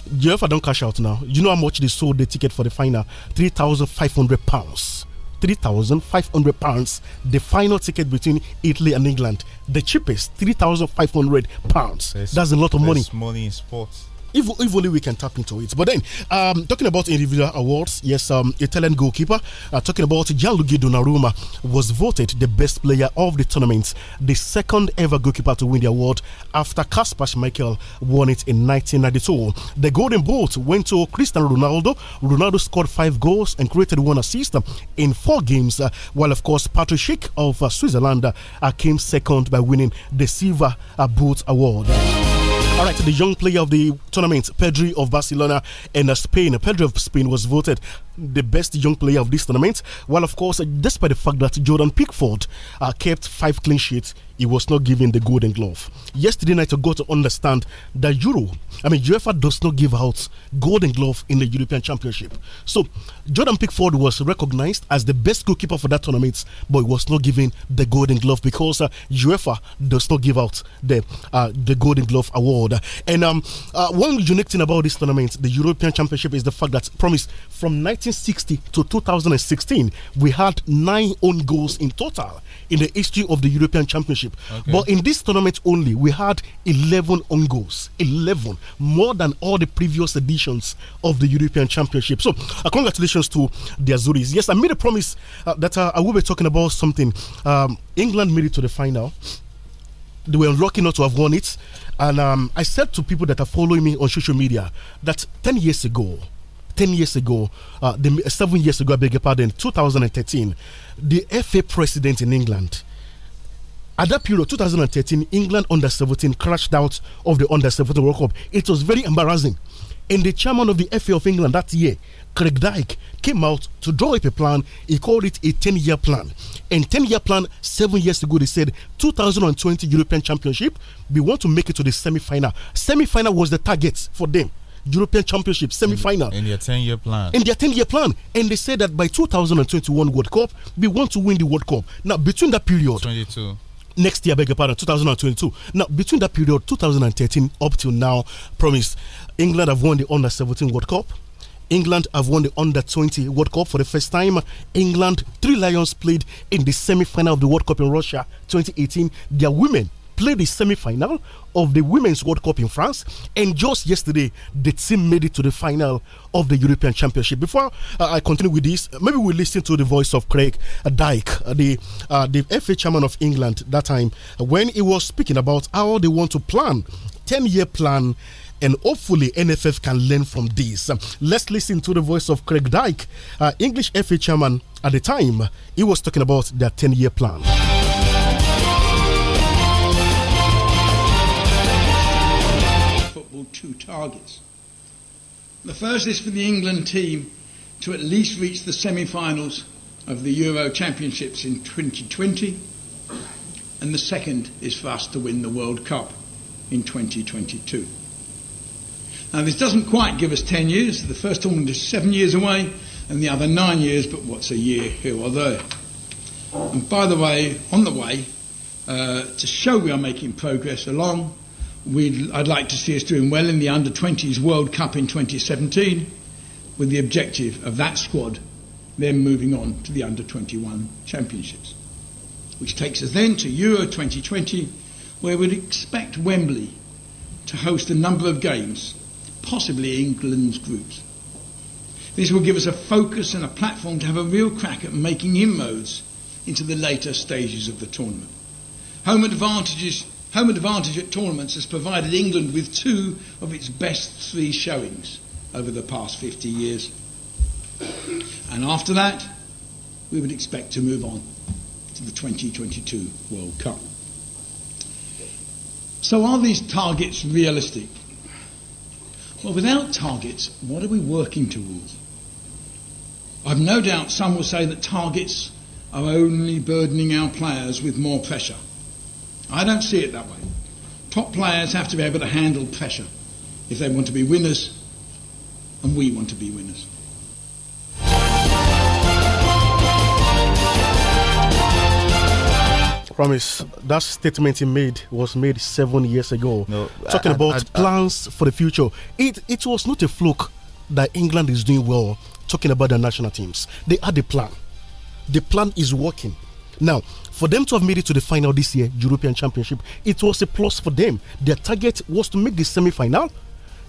UEFA don't cash out now. You know how much they sold the ticket for the final? 3,500. 3,500 pounds. 3,500 pounds. The final ticket between Italy and England, the cheapest, 3,500 pounds. That's a lot of money. money in sports if, if only we can tap into it. But then, um, talking about individual awards, yes, um, goalkeeper, uh, talking about Gianluigi Donnarumma, was voted the best player of the tournament, the second ever goalkeeper to win the award after Kaspar Schmeichel won it in 1992. The Golden Boot went to Cristiano Ronaldo. Ronaldo scored five goals and created one assist in four games, uh, while, of course, Patrick Schick of uh, Switzerland uh, came second by winning the Silver uh, Boot Award. All right, the young player of the tournament, Pedri of Barcelona and Spain. Pedri of Spain was voted the best young player of this tournament. While, of course, despite the fact that Jordan Pickford uh, kept five clean sheets he was not given the Golden Glove. Yesterday night, I got to understand that Euro, I mean, UEFA does not give out Golden Glove in the European Championship. So, Jordan Pickford was recognized as the best goalkeeper for that tournament, but he was not given the Golden Glove because uh, UEFA does not give out the uh, the Golden Glove award. And um, uh, one unique thing about this tournament, the European Championship, is the fact that, promise, from 1960 to 2016, we had nine own goals in total in the history of the European Championship. Championship. Okay. But in this tournament only, we had 11 on goals, 11 more than all the previous editions of the European Championship. So, uh, congratulations to the Azuris. Yes, I made a promise uh, that uh, I will be talking about something. Um, England made it to the final. They were unlucky not to have won it. And um, I said to people that are following me on social media that 10 years ago, 10 years ago, uh, the, uh, seven years ago, I beg your pardon, 2013, the FA president in England at that period, 2013, England under 17 crashed out of the under 17 World Cup. It was very embarrassing. And the chairman of the FA of England that year, Craig Dyke, came out to draw up a plan. He called it a 10 year plan. And 10 year plan, seven years ago, they said 2020 European Championship, we want to make it to the semi final. Semi final was the target for them. European Championship semi final. In, in their 10 year plan. In their 10 year plan. And they said that by 2021 World Cup, we want to win the World Cup. Now, between that period. 22 next year, beg your pardon, 2022. Now, between that period, 2013 up till now, promise, England have won the Under 17 World Cup. England have won the Under 20 World Cup for the first time. England, three Lions played in the semi final of the World Cup in Russia 2018. Their women Played the semi final of the Women's World Cup in France. And just yesterday, the team made it to the final of the European Championship. Before uh, I continue with this, maybe we listen to the voice of Craig Dyke, uh, the, uh, the FA chairman of England that time, when he was speaking about how they want to plan, 10 year plan and hopefully NFF can learn from this. Um, let's listen to the voice of Craig Dyke, uh, English FA chairman at the time. He was talking about their 10 year plan. two targets. The first is for the England team to at least reach the semi finals of the Euro Championships in 2020, and the second is for us to win the World Cup in 2022. Now, this doesn't quite give us 10 years. The first tournament is seven years away, and the other nine years, but what's a year here or there? And by the way, on the way, uh, to show we are making progress along We'd, I'd like to see us doing well in the under 20s World Cup in 2017 with the objective of that squad then moving on to the under 21 championships. Which takes us then to Euro 2020, where we'd expect Wembley to host a number of games, possibly England's groups. This will give us a focus and a platform to have a real crack at making inroads into the later stages of the tournament. Home advantages home advantage at tournaments has provided England with two of its best three showings over the past 50 years. And after that, we would expect to move on to the 2022 World Cup. So, are these targets realistic? Well, without targets, what are we working towards? I've no doubt some will say that targets are only burdening our players with more pressure. I don't see it that way. Top players have to be able to handle pressure if they want to be winners, and we want to be winners. Promise that statement he made was made seven years ago. No, Talking I, about I, I, plans for the future, it it was not a fluke that England is doing well. Talking about the national teams, they had a plan. The plan is working now, for them to have made it to the final this year, European Championship, it was a plus for them. Their target was to make the semi final,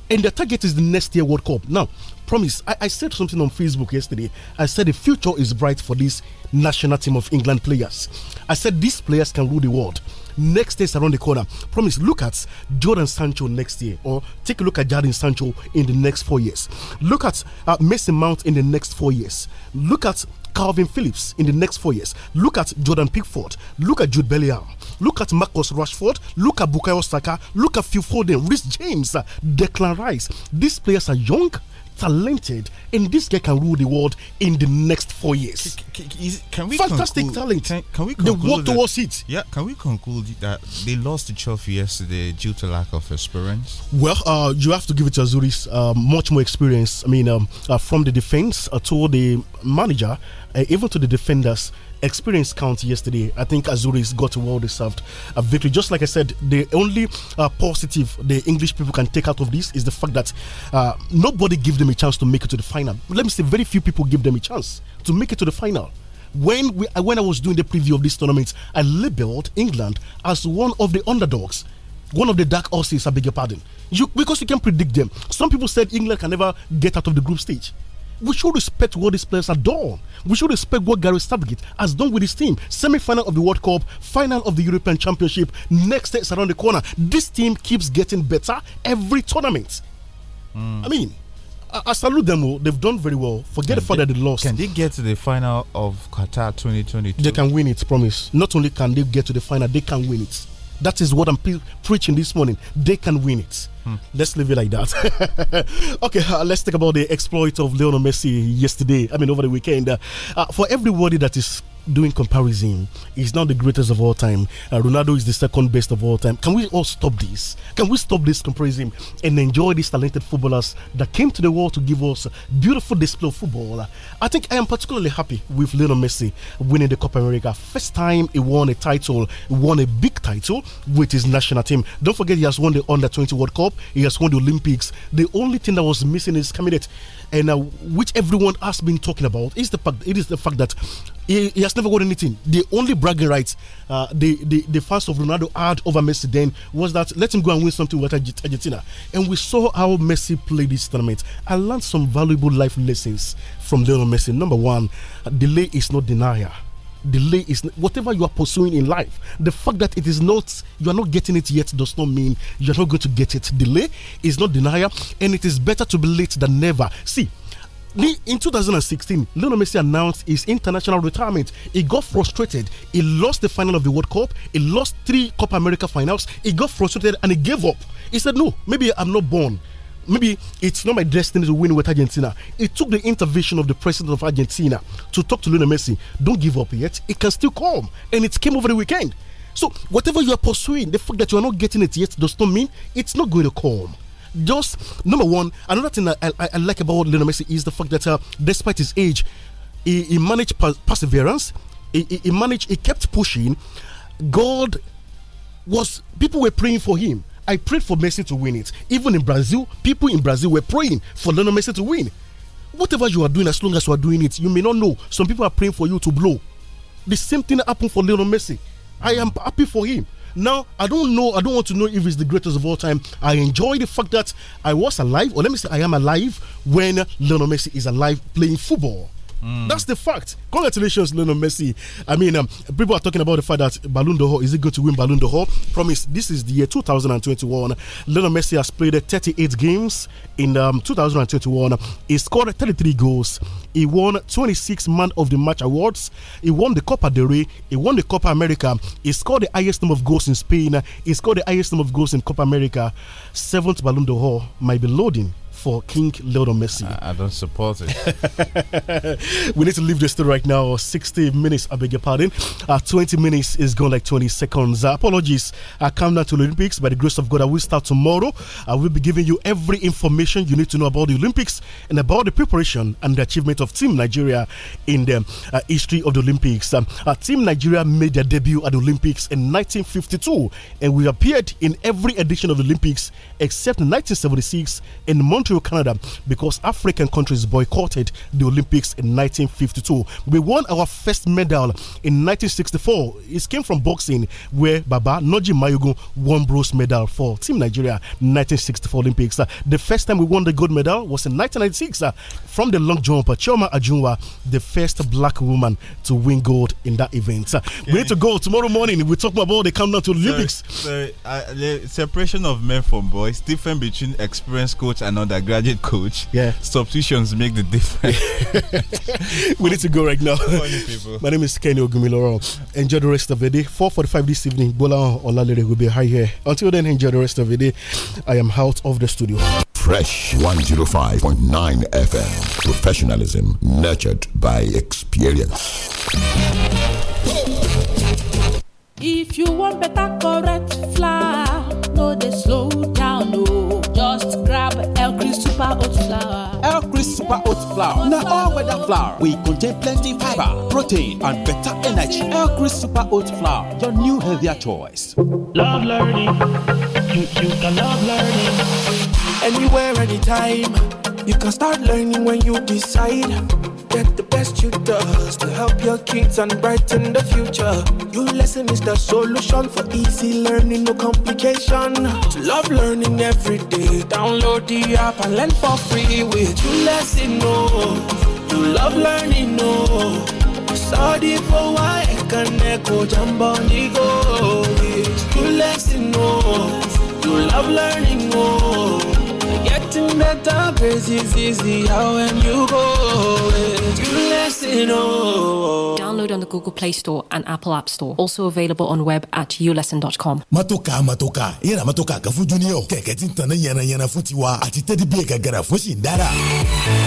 and their target is the next year World Cup. Now, promise, I, I said something on Facebook yesterday. I said the future is bright for this national team of England players. I said these players can rule the world next is around the corner. Promise, look at Jordan Sancho next year, or take a look at Jordan Sancho in the next four years. Look at uh, Mason Mount in the next four years. Look at Calvin Phillips in the next four years. Look at Jordan Pickford. Look at Jude Bellingham. Look at Marcus Rashford. Look at Bukayo Saka. Look at Phil Foden, Rhys James, Declan Rice. These players are young talented, and this guy can rule the world in the next four years. Can, can, is, can we fantastic conclude, talent? Can, can, we conclude they walk towards it? Yeah, can we conclude that they lost the trophy yesterday due to lack of experience? Well, uh, you have to give it to Azuris uh, much more experience. I mean, um, uh, from the defense uh, to the manager, uh, even to the defenders experience counts. yesterday. I think Azuris got a well deserved a victory. Just like I said, the only uh, positive the English people can take out of this is the fact that uh, nobody gave them a chance to make it to the final. Let me say, very few people give them a chance to make it to the final when we uh, when I was doing the preview of this tournament, I labeled England as one of the underdogs, one of the dark horses. I beg your pardon, you, because you can predict them. Some people said England can never get out of the group stage we should respect what these players have done. We should respect what Gary Southgate has done with his team. Semi final of the World Cup, final of the European Championship, next steps around the corner. This team keeps getting better every tournament. Mm. I mean, I, I, salute them. Oh. They've done very well. Forget about the that they lost. Can they get to the final of Qatar 2022? They can win it, promise. Not only can they get to the final, they can win it. That is what I'm pre preaching this morning. They can win it. Hmm. Let's leave it like that. (laughs) okay, uh, let's talk about the exploit of Lionel Messi yesterday. I mean, over the weekend. Uh, uh for everybody that is doing comparison. He's not the greatest of all time. Uh, Ronaldo is the second best of all time. Can we all stop this? Can we stop this comparison and enjoy these talented footballers that came to the world to give us beautiful display of football? I think I am particularly happy with Lionel Messi winning the Copa America. First time he won a title, won a big title with his national team. Don't forget he has won the Under 20 World Cup. He has won the Olympics. The only thing that was missing is candidate, and uh, which everyone has been talking about is the fact it is the fact that he, he, has never won anything. The only bragging rights uh, the, the the fans of Ronaldo had over Messi then was that let him go and win something with Argentina. And we saw how Messi played this tournament. I learned some valuable life lessons from Lionel Messi. Number one, delay is not denial delay is whatever you are pursuing in life the fact that it is not you are not getting it yet does not mean you're not going to get it delay is not denial and it is better to be late than never see in 2016, Lionel Messi announced his international retirement. He got frustrated. He lost the final of the World Cup. He lost three Copa America finals. He got frustrated and he gave up. He said, No, maybe I'm not born maybe it's not my destiny to win with Argentina. It took the intervention of the president of Argentina to talk to Lionel Messi. Don't give up yet. It can still come. And it came over the weekend. So whatever you are pursuing, the fact that you are not getting it yet does not mean it's not going to come just number one, another thing that I, I, I like about Lionel Messi is the fact that uh, despite his age, he, he managed per perseverance. He, he, he managed. He kept pushing. God was people were praying for him. I prayed for Messi to win it. Even in Brazil, people in Brazil were praying for Lionel Messi to win. Whatever you are doing, as long as you are doing it, you may not know. Some people are praying for you to blow. The same thing happened for Lionel Messi. I am happy for him. Now, I don't know, I don't want to know if it's the greatest of all time. I enjoy the fact that I was alive, or let me say I am alive when Lionel Messi is alive playing football. Mm. That's the fact. Congratulations, Lionel Messi. I mean, um, people are talking about the fact that Ballon d'Or is it going to win Ballon d'Or? Promise. This is the year 2021. Lionel Messi has played 38 games in um, 2021. He scored 33 goals. He won 26 Man of the Match awards. He won the Copa del Rey. He won the Copa America. He scored the highest number of goals in Spain. He scored the highest number of goals in Copa America. Seventh Ballon d'Or might be loading for King Lionel Messi. I, I don't support it. (laughs) we need to leave this story right now. 60 minutes, I beg your pardon. Uh, 20 minutes is gone like 20 seconds. Uh, apologies. I come now to the Olympics. By the grace of God, I will start tomorrow. I will be giving you every information you need to know about the Olympics and about the preparation and the achievement of Team Nigeria in the uh, history of the Olympics. Um, uh, Team Nigeria made their debut at the Olympics in 1952 and we appeared in every edition of the Olympics except 1976 in Montreal through Canada because African countries boycotted the Olympics in 1952. We won our first medal in 1964. It came from boxing, where Baba Noji Mayugun won bronze medal for Team Nigeria 1964 Olympics. Uh, the first time we won the gold medal was in 1996 uh, from the long jumper Choma Ajunwa, the first black woman to win gold in that event. Uh, We need to go tomorrow morning. We talk about the countdown to Olympics. Sorry, sorry. Uh, the separation of men from boys different between experienced coach and other graduate coach. Yeah. Substitutions make the difference. (laughs) we need to go right now. My name is Kenny Ogumiloro. Enjoy the rest of the day. 4.45 this evening, Bola Olalere will be high here. Until then, enjoy the rest of the day. I am out of the studio. Fresh 105.9 FM. Professionalism nurtured by experience. If you want better, correct fly, no, they slow super oat flour. El super oat flour. Now all weather flour. We contain plenty fiber, protein, and better energy. El super oat flour. Your new healthier choice. Love learning. You, you can love learning. Anywhere, anytime. You can start learning when you decide get the best you to help your kids and brighten the future. Your lesson is the solution for easy learning, no complication. To love learning every day. Download the app and learn for free with you lesson. Oh, you love learning. Oh, study for why I can echo the go. You lesson. Oh, you love learning. Oh. One that praise is, easy when how and you go. Away. lesson. Oh. Download on the Google Play Store and Apple App Store. Also available on web at ulesson.com. Matoka Matoka yẹra Matoka kan junior kẹ̀kẹ́ tí yana tanná yànnayànna fún tiwa àti tẹ́tí bíi gàgàrà fún sì ń dára.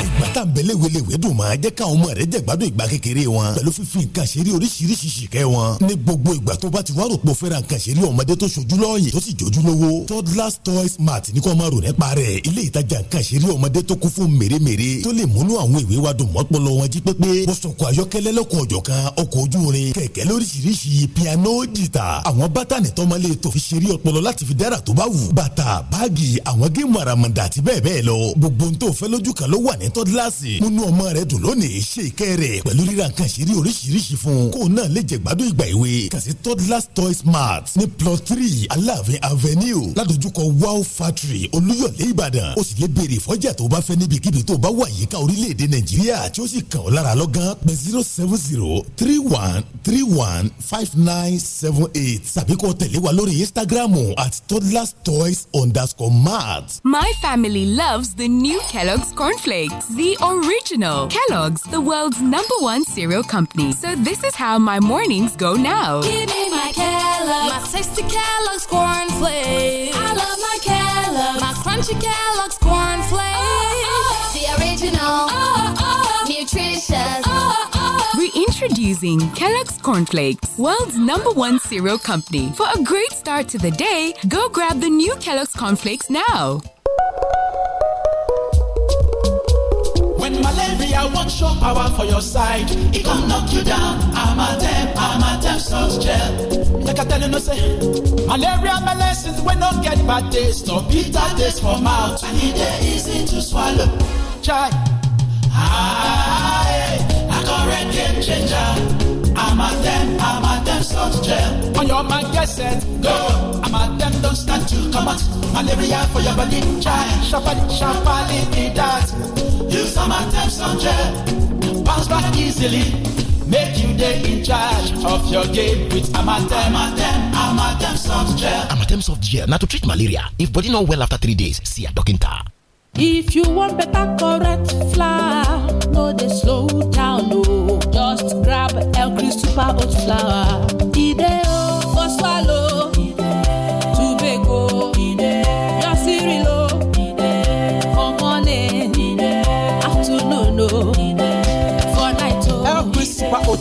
Ìgbà tá n bẹ̀lẹ̀ welewe dùn máa jẹ́ káwọn ọmọ rẹ̀ jẹ̀gbádùn ìgbà kékeré wọn pẹ̀lú fífi nǹkan ṣeré oríṣiríṣi ṣìkẹ́ wọn. Ní gbogbo ìgbà tó bá ti wá rògbò fẹ́ra nǹkan ṣeré ọmọdé tó ṣojú lọ́ọ̀yìn tó sì jójú lówó. Toddlers Toys Mart ní kò máa rò nípa rẹ̀ ilé ìtajà nǹkan ṣeré ọmọdé tó kún fún mèremère tó lè múnú àwọn ìwé wa dùn mọ́pọlọ láyé wọ́n sọ̀kò ayọ́kẹ́lẹ́ lọ́kọ̀ ọ̀jọ̀kan ọkọ̀ ojú irin kẹ̀kẹ́ lóríṣiríṣi piano jìtà àwọn bátànì tọ́mọlé tó fi ṣeré ọpọlọ láti fi dára tó bá wù bàtà báàgì àwọn géèmù àràmàǹdà àti bẹ́ẹ̀ bẹ́ẹ̀ lọ gbogbo n fẹ́ lójú kan ló wà ní tọ́dílàsì múnú ọmọ rẹ dùn lónìí ṣe ìkẹ́ rẹ̀ pẹ̀lú ríra nǹkan ṣeré oríṣiríṣi fún kó náà lè jẹ gbádùn ìgbà ìwé kàn plot three aláàfin avenue ládojúkọ wow factory olúyọ̀lé ìbàdàn ó sì lè béèrè ìfọ́jà tó bá fẹ́ níbikíbi tó bá wà yíká orílẹ̀ lọ́gán pé zero seven zero three one three one five nine seven eight tàbí kò tẹ̀lé wa lórí Instagram at toddlers toys underscore mart. My family loves the new Kellogg's cornflakes, the original. Kellogg's, the world's number one cereal company. So this is how my mornings go now. Give me my Kellogg's, my tasty Kellogg's cornflakes. I love my Kellogg's, my crunchy Kellogg's cornflakes. Oh. Introducing Kellogg's Cornflakes, world's number one cereal company. For a great start to the day, go grab the new Kellogg's Cornflakes now. When malaria wants your power for your side, it can knock you down. I'm I'm a dem, a dem soft gel. Like I tell you, no say, malaria my lessons don't get bad taste, no bitter taste for mouth, I need it easy to swallow. Try. Ah, I'm I'm Amatem, Amatem salt gel. On your mind, guess it. go. I'm Amatem don't stand to come out. Malaria for your body, try. Sharply, sharply, be that. Use Amatem salt gel. Bounce back easily. Make you day in charge of your game with Amatem. Amatem, Amatem soft gel. Amatem soft gel. Now to treat malaria. If body not well after three days, see a doctor. If you want better, correct flour, no, they slow down, no. Just grab El Cristobal oat flower.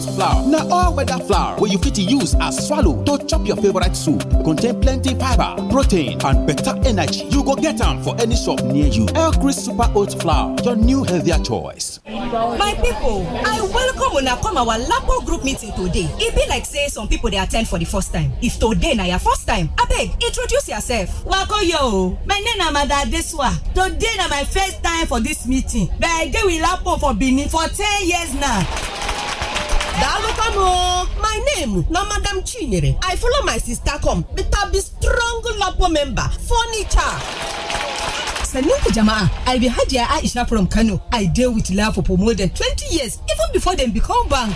flour na all weather flour where you fit to use as swallow to chop your favourite soup contain plenty fibre protein and better energy you go get them for any shop near you crisp super oat flour your new healthier choice my people, i welcome una come our lapo group meeting today It be like say some people they attend for the first time if today na your first time I beg introduce yourself yo, my name na mother adesua today na my first time for this meeting but i dey with lapo for benin for ten years now my name na madam chinyere i follow my sister come beta be strong lopo member furniture sannin ku jama'a i be hajiya aisha from kano i deal with lapo for more than 20 years even before them become bank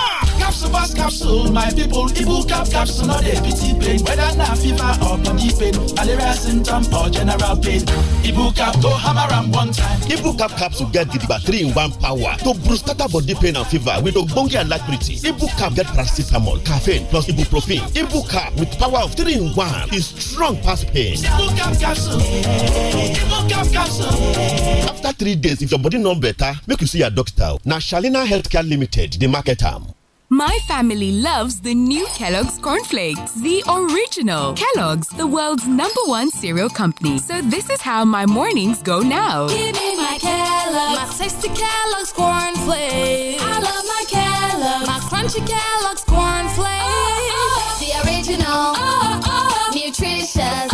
capsule pass capsule my people igbu cap capsule no dey pity pain whether na fever or body pain malaria symptom or general pain igbu cap go hammer am one time. igbu cap capsule get the three in one power to boost scatter body pain and fever with ogbonge alacrity. igbu cap get paracetamol caffeine plus ibuprofen. igbu cap with power of three in one is strong past pain. igbu cap capsule igbu cap capsule. after three days if your body no better make you see your doctor Now shalina healthcare limited the market arm. My family loves the new Kellogg's cornflakes, the original. Kellogg's, the world's number one cereal company. So this is how my mornings go now. Give me my Kellogg's, my tasty Kellogg's Flakes. I love my Kellogg's, my crunchy Kellogg's cornflakes. Oh, oh. oh. The original, oh, oh, oh. nutritious.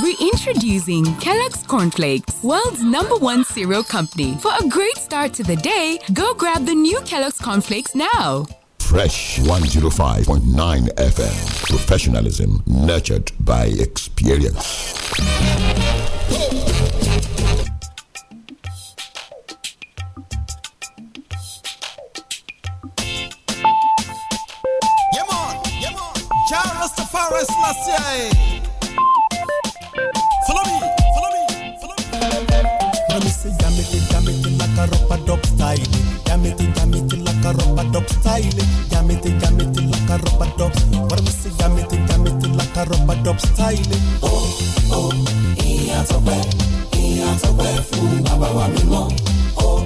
Reintroducing Kellogg's Cornflakes, world's number one cereal company. For a great start to the day, go grab the new Kellogg's Cornflakes now. Fresh 105.9 FM. Professionalism nurtured by experience. Yeah, man. Yeah, man. a rubber dub style. Jam it, jam it like a rubber dub style. Jam it, jam it like a rubber dub. What we say, jam it, jam it like a rubber dub style. Oh, oh, he has a way. He has a way. fún bàbá wa mi mo. Oh,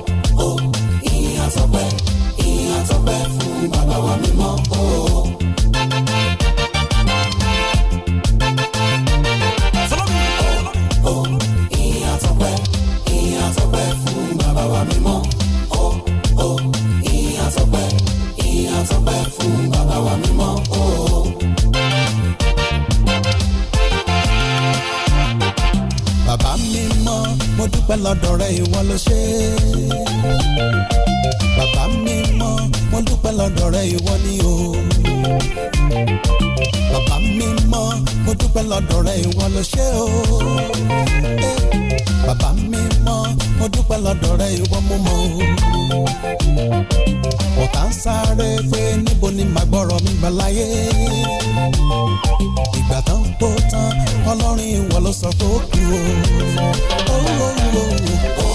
oh, he has a way. He has a way. fún bàbá wa mi mo. Oh. Oh. dákun bàbá mo dúpẹ́ lọ́dọ̀ rẹ ìwọ ló ṣe é bàbá mímọ́ mo dúpẹ́ lọ́dọ̀ rẹ ìwọ ni o bàbá mi mọ́ mo dúpẹ́ lọ́dọ̀ rẹ ìwọ ló ṣe o. bàbá mi mọ́ mo dúpẹ́ lọ́dọ̀ rẹ ìwọ mo mọ̀ o. ọ̀tá ń sáré pé níbo ni màá gbọ́rọ̀ mi gbà láyé. ìgbà tán tó tán ọlọ́run ìwọ ló sọ tó kù o.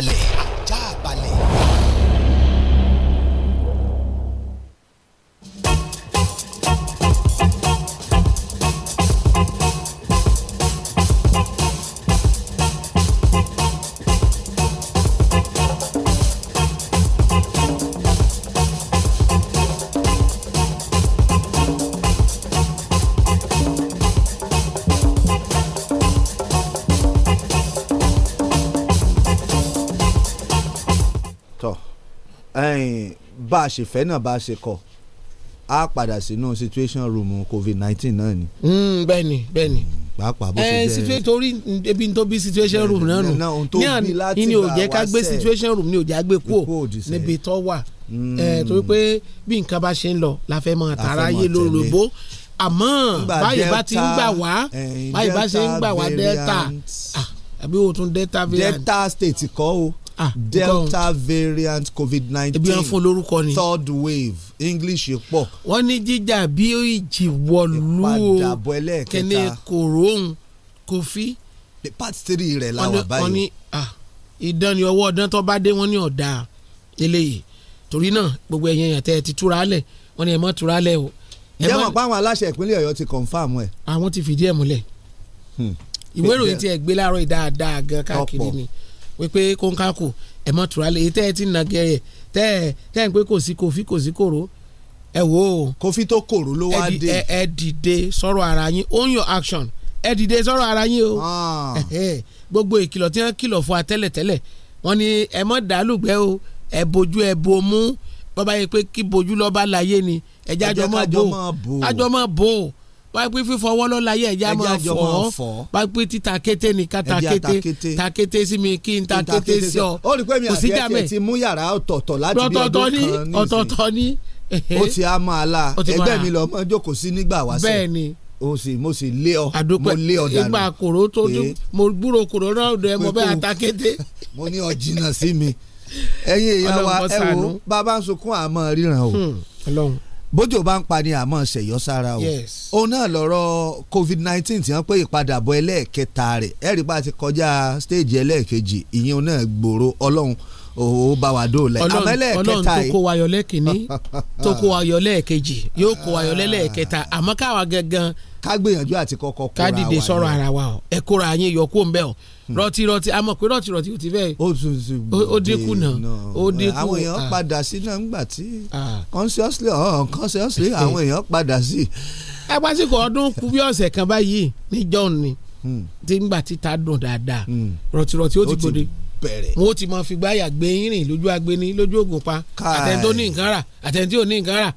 Ale. bá a ṣe fẹ́ náà bá a ṣe kọ̀ á padà sínú situation room covid nineteen náà ni. Hmm, bẹ́ẹ̀ni bẹ́ẹ̀ni hmm, pàápàá bó ṣe eh, jẹ́ ẹ torí ebi n tó bí situation room náà nù ní ní òjẹ́ ká gbé situation room ní òjẹ́ á gbé kúò níbi tó wà hmm. eh, torí pé bí nǹkan bá ṣe ń lọ la fẹ́ mọ tara yé lórobó àmọ́ báyìí bá ti ń gbà wá eh, báyìí bá ṣe ń gbà wá delta ah, àbí o tún delta variant delta state kọ́ o ah, delta variant covid nineteen ebi wọn fún olórúkọ ni third wave english pọ̀. wọ́n ní jíjà bí ìjì wọ̀lú o kẹ́ni kòróhùn kofi. part three rẹ̀ la wà báyìí. wọ́n ní ìdán ah, ni ọwọ́ ọdán tó bá dé wọ́n ní ọ̀dà eléyìí torí náà gbogbo ẹ̀yin èèyàn tẹ́ ẹ ti túra lẹ̀ wọ́n ní ẹ mọ́ túra lẹ̀ o. ǹjẹ́ mọ̀ pé àwọn aláṣẹ ìpínlẹ̀ ọ̀yọ́ ti confam ẹ̀. àwọn ti fìdí ẹ̀ múlẹ̀ hmm. ìwé ìròyìn tí ẹ gbé láàárọ̀ ìdáadáa gan káàkiri ni. ọ̀pọ̀ wípé kóńkàkù ẹ̀ mọ́ tura lè tẹ́ ẹ ti nà gẹ̀rẹ̀ tẹ́ ẹ tẹ́ ẹ pé kò sí kòfí kò sí kòró ẹ wò ó. tó kòró ló wá dé. ẹ dìde sọ̀rọ̀ ara yín own your action ẹ dìde sọ̀rọ̀ ara yín o. Ah. (laughs) gbogbo ìkìlọ̀ tí wọ́n kìlọ̀ fún wa tẹ́lẹ̀tẹ́lẹ̀ wọ́n ní ẹ mọ́ dàálùgbẹ́ o ẹ bojú ẹ bomú bọ́bá yẹ pé kí bojú lọ́ba láyé ni ẹ jẹ́ àjọmọ́ bò àjọmọ́ bò wáyé pé fífọwọ́ lọ́la yẹ ẹja máa fọ́ wáyé pé títa kété ni ká ta kété ta kété sí mi kí n ta kété sí ọ kò sí jàmẹ́. ó rí pé mi àti ẹ̀ ti mú yàrá ọ̀tọ̀ọ̀tọ̀ láti bí ọdún kan nísìnyí ọ̀tọ̀ọ̀tọ̀ ni ó ti á máa la ẹgbẹ́ mi lọ́mọ jókòó sí nígbà wáṣẹ́ bẹ́ẹ̀ ni o sì mo sì lé ọ mo lé ọ dànù ìgbà kòró tó dún mo gbúrò kòró náà dẹ mo bẹ àtàkété. (laughs) mo ní ọ sí mi ẹ̀yin ìyá wa ẹ wo bàbá ń sunkún àmọ́ ríran o hmm, bójú bá ń pani àmọ́ ṣẹ̀yọ́ sára o òun náà lọ́rọ̀ covid nineteen ti hàn pé ìpadàbọ̀ ẹlẹ́ẹ̀kẹta rẹ̀ ẹ̀rí bá ti kọjá stage ẹlẹ́ẹ̀kejì ìyẹn òun náà gbòòrò ọlọ́run òun bá wa dóòlà ẹ̀ àmọ́ ẹlẹ́ẹ̀kẹta ọlọ́run tó kó wa yọ tó kó wa lẹ́ẹ̀kejì yóò kó wa ah. lẹ́ẹ̀kẹta àmọ́ káwa gangan ká gbìyànjú àti kọ́kọ́ kóra wa ká dìde sọ̀rọ̀ ara wa ọ ẹ kóra yín yọ kó ń bẹ ọ hmm. rọtírọtí àmọ́ pé rọtírọtí ò ti fẹ́ ó dínkù náà ó dínkù àwọn èèyàn ah. padà sí náà ńgbà tí ah. consciously or unconsciously (laughs) àwọn èèyàn padà sí. ẹ pásíkò ọdún kú bí ọ̀sẹ̀ kan báyìí níjọ́ ni hmm. tí ńgbà títa dùn dáadáa rọtírọtí hmm. ó ti gbòde bẹ̀rẹ̀. wọn ò ti mọ fi gbáyà gbé yín rìn lójú ni lójú ògùn pa àtẹ̀ntó ní nǹkan rà àtẹ̀ntí ò ní nǹkan rà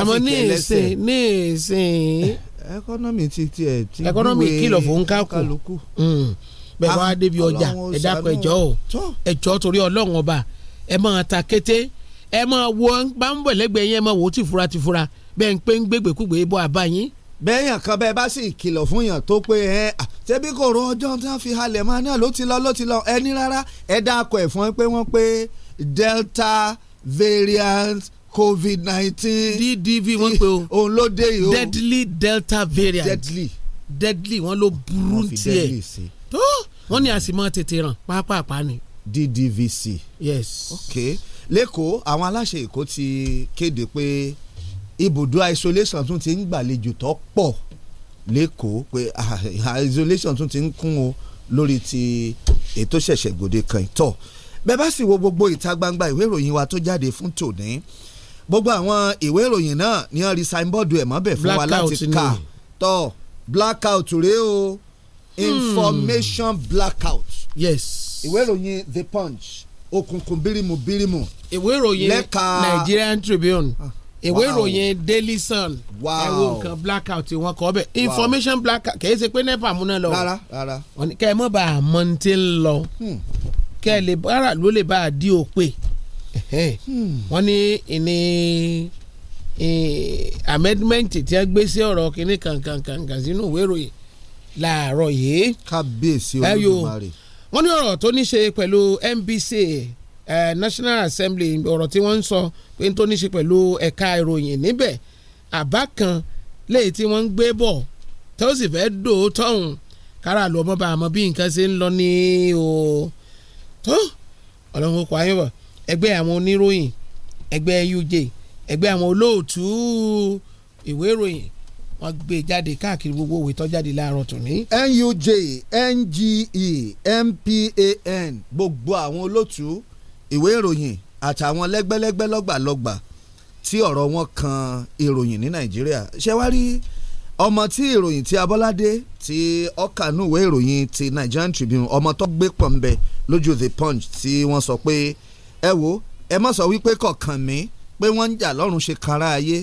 àmọ́ ní ìsìn ní ìsìn ẹkọnọmì ti tiẹ̀ ti gbúwe ẹkọnọmì kìlọ̀ fún kálukú mm. bẹ́ẹ̀ wá ah, débi ọjà ẹ dákun ẹjọ́ o ẹjọ́ torí ọlọ́run ọba ẹ máa ta kété ẹ máa wo bá ń bọ̀ lẹ́gbẹ̀ẹ́ yẹn máa wò ó tìfura tìfura bẹ́ẹ̀ ń pé ń gbégbé kúgbé bọ́ àbá yín bẹ́ẹ̀yàn kan bẹ́ẹ̀ bá sì kìlọ̀ fún yàn tó pé ẹ ṣebí kò rọ ọjọ́ tí wọ́n fi halẹ̀ máa náà ló ti lọ ló ti lọ ẹni rárá ẹ dákọ̀ ẹ̀ fún ẹ pé wọ́n pé delta variant covid nineteen ddv wọ́n pè o òun ló dé o deadly delta variant deadly deadly wọ́n lo burú tiẹ̀ tó wọ́n ní àsìmọ́ tètè ràn pápápá ni. ddvc yes ok lẹ́kọ̀ọ́ àwọn aláṣẹ èkó ti kéde pé ibùdó isolation tún ti ń gbàlejò tó pọ̀ lẹ́kọ̀ọ́ pé ah, isolation tún ti ń kún o lórí ti ètò ṣẹ̀ṣẹ̀ gbòde kan ìtọ̀ bẹ́ẹ̀ bá sì wo gbogbo ìta gbangba ìwé ìròyìn wa tó jáde fún tòní gbogbo àwọn ìwé ìròyìn náà ni wọ́n signboard ẹ̀ mọ́bẹ̀ fún wa láti kà tọ́ blackout rèé o hmm. information blackout. yes. ìwé ìròyìn the punch òkùnkùn bírímù bírímù. ìwé ìròyìn Nigerian Tribune. Ah, ìwé ìròyìn daily sun ẹwọ nǹkan blackout wọn kọ bẹ information blackout kì í ṣe pé nepa múná lọ rárá rárá kẹ ẹ mọ bá a mọ ní ti ń lọ hmm. kẹ ẹ lè bára ló lè bá a di òpè wọ́n ní ìní amendment tí a gbé sí ọ̀rọ̀ kínní kankankankan sínú ìwé ìròyìn làárọ̀ yìí. kábíyèsí olódùmarè. wọ́n ní ọ̀rọ̀ tó ní ṣe pẹ̀lú NBC National Assembly ọ̀rọ̀ tí wọ́n ń sọ pé tó ní ṣe pẹ̀lú ẹ̀ka ìròyìn níbẹ̀ àbá kan léyìí tí wọ́n ń gbé bọ̀ tó sì fẹ́ dòótọ́ ọ̀hún kára lọ́mọba àmọ́ bí nǹkan ṣe ń lọ ní o tó ọlọ́run kò ayé bọ̀ ẹgbẹ́ àwọn oníròyìn ẹgbẹ́ UJ ẹgbẹ́ àwọn olóòtú ìwé ìròyìn wọ́n gbé e jáde káàkiri gbogbo òwe tó jáde láàárọ̀ tòní. NUJ NGE MPAN gbogbo àwọn olóòtú ìwé ìròyìn àtàwọn lẹ́gbẹ́lẹ́gbẹ́ lọ́gbàlọ́gbà tí ọ̀rọ̀ wọn kan ìròyìn ní Nàìjíríà ṣé wàá rí ọmọ tí ìròyìn tí Abọ́ládé tí ọkànúwé ìròyìn ti Nigerian Tribune ọmọ tó gbé pọ̀nbẹ lójú The Punch tí wọ́n sọ pé ẹ wo ẹ má sọ wípé kọ̀ọ̀kan mi pé wọ́n ń jà lọ́rùn ṣe kanra ayé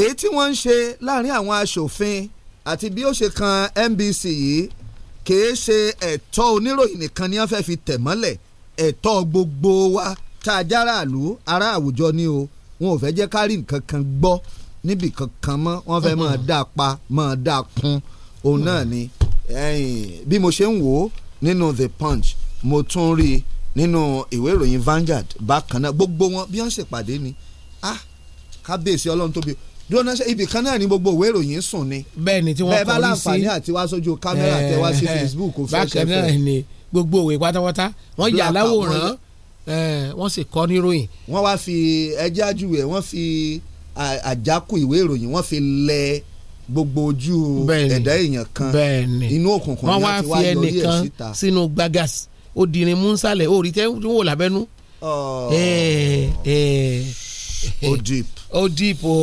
èyí tí wọ́n ń ṣe láàrin àwọn aṣòfin àti bí ó ṣe kan NBC yìí kìí ṣe ẹ̀tọ́ oníròyìn nìkan ni wọ́n fẹ́ fi tẹ̀ mọ́lẹ̀ ẹ̀tọ́ gbogbo wa tá a jára àlú ará àwùjọ ni o wọn ò fẹ́ jẹ́ ká rí nǹkan kan gbọ́ níbì kankan mọ́ wọ́n fẹ́ máa dá a pa máa dá a kun òun náà ni bí mo ṣe ń wò ó nínú The Punch mo tún rí i nínú ìwé ìròyìn Vanguard bákan náà gbogbo wọn bí wọ́n ṣèpàdé ni ah kábíyèsí ọlọ́run tóbi dúró ibì kan náà ni gbogbo ìwé ìròyìn sùn ni bẹ́ẹ̀ni tí wọ́n kọrí sí bẹ́ẹ̀ bá láǹfààní àti wá kámẹ́rà tẹ wá sí Facebook kò fẹ́ bákan náà ni gbogbo ìwé pátápátá wọ́n yà láwòrán wọ́n sì kọ níròyìn. wọ́n wá fi ẹjẹ́ àjùwẹ̀ wọ́n fi àjákù ìwé ìròyìn wọ́n fi lẹ gbogbo ojú ẹ̀dá èèyàn kan inú òkùnkùn ni wọ́n ti wá yọrí ẹ̀ síta. wọ́n ó dirin mú nsàlẹ̀ ó rí tẹ́ ń wò lábẹ́nú. Oh. Eh, eh. O deep. (laughs) o deep o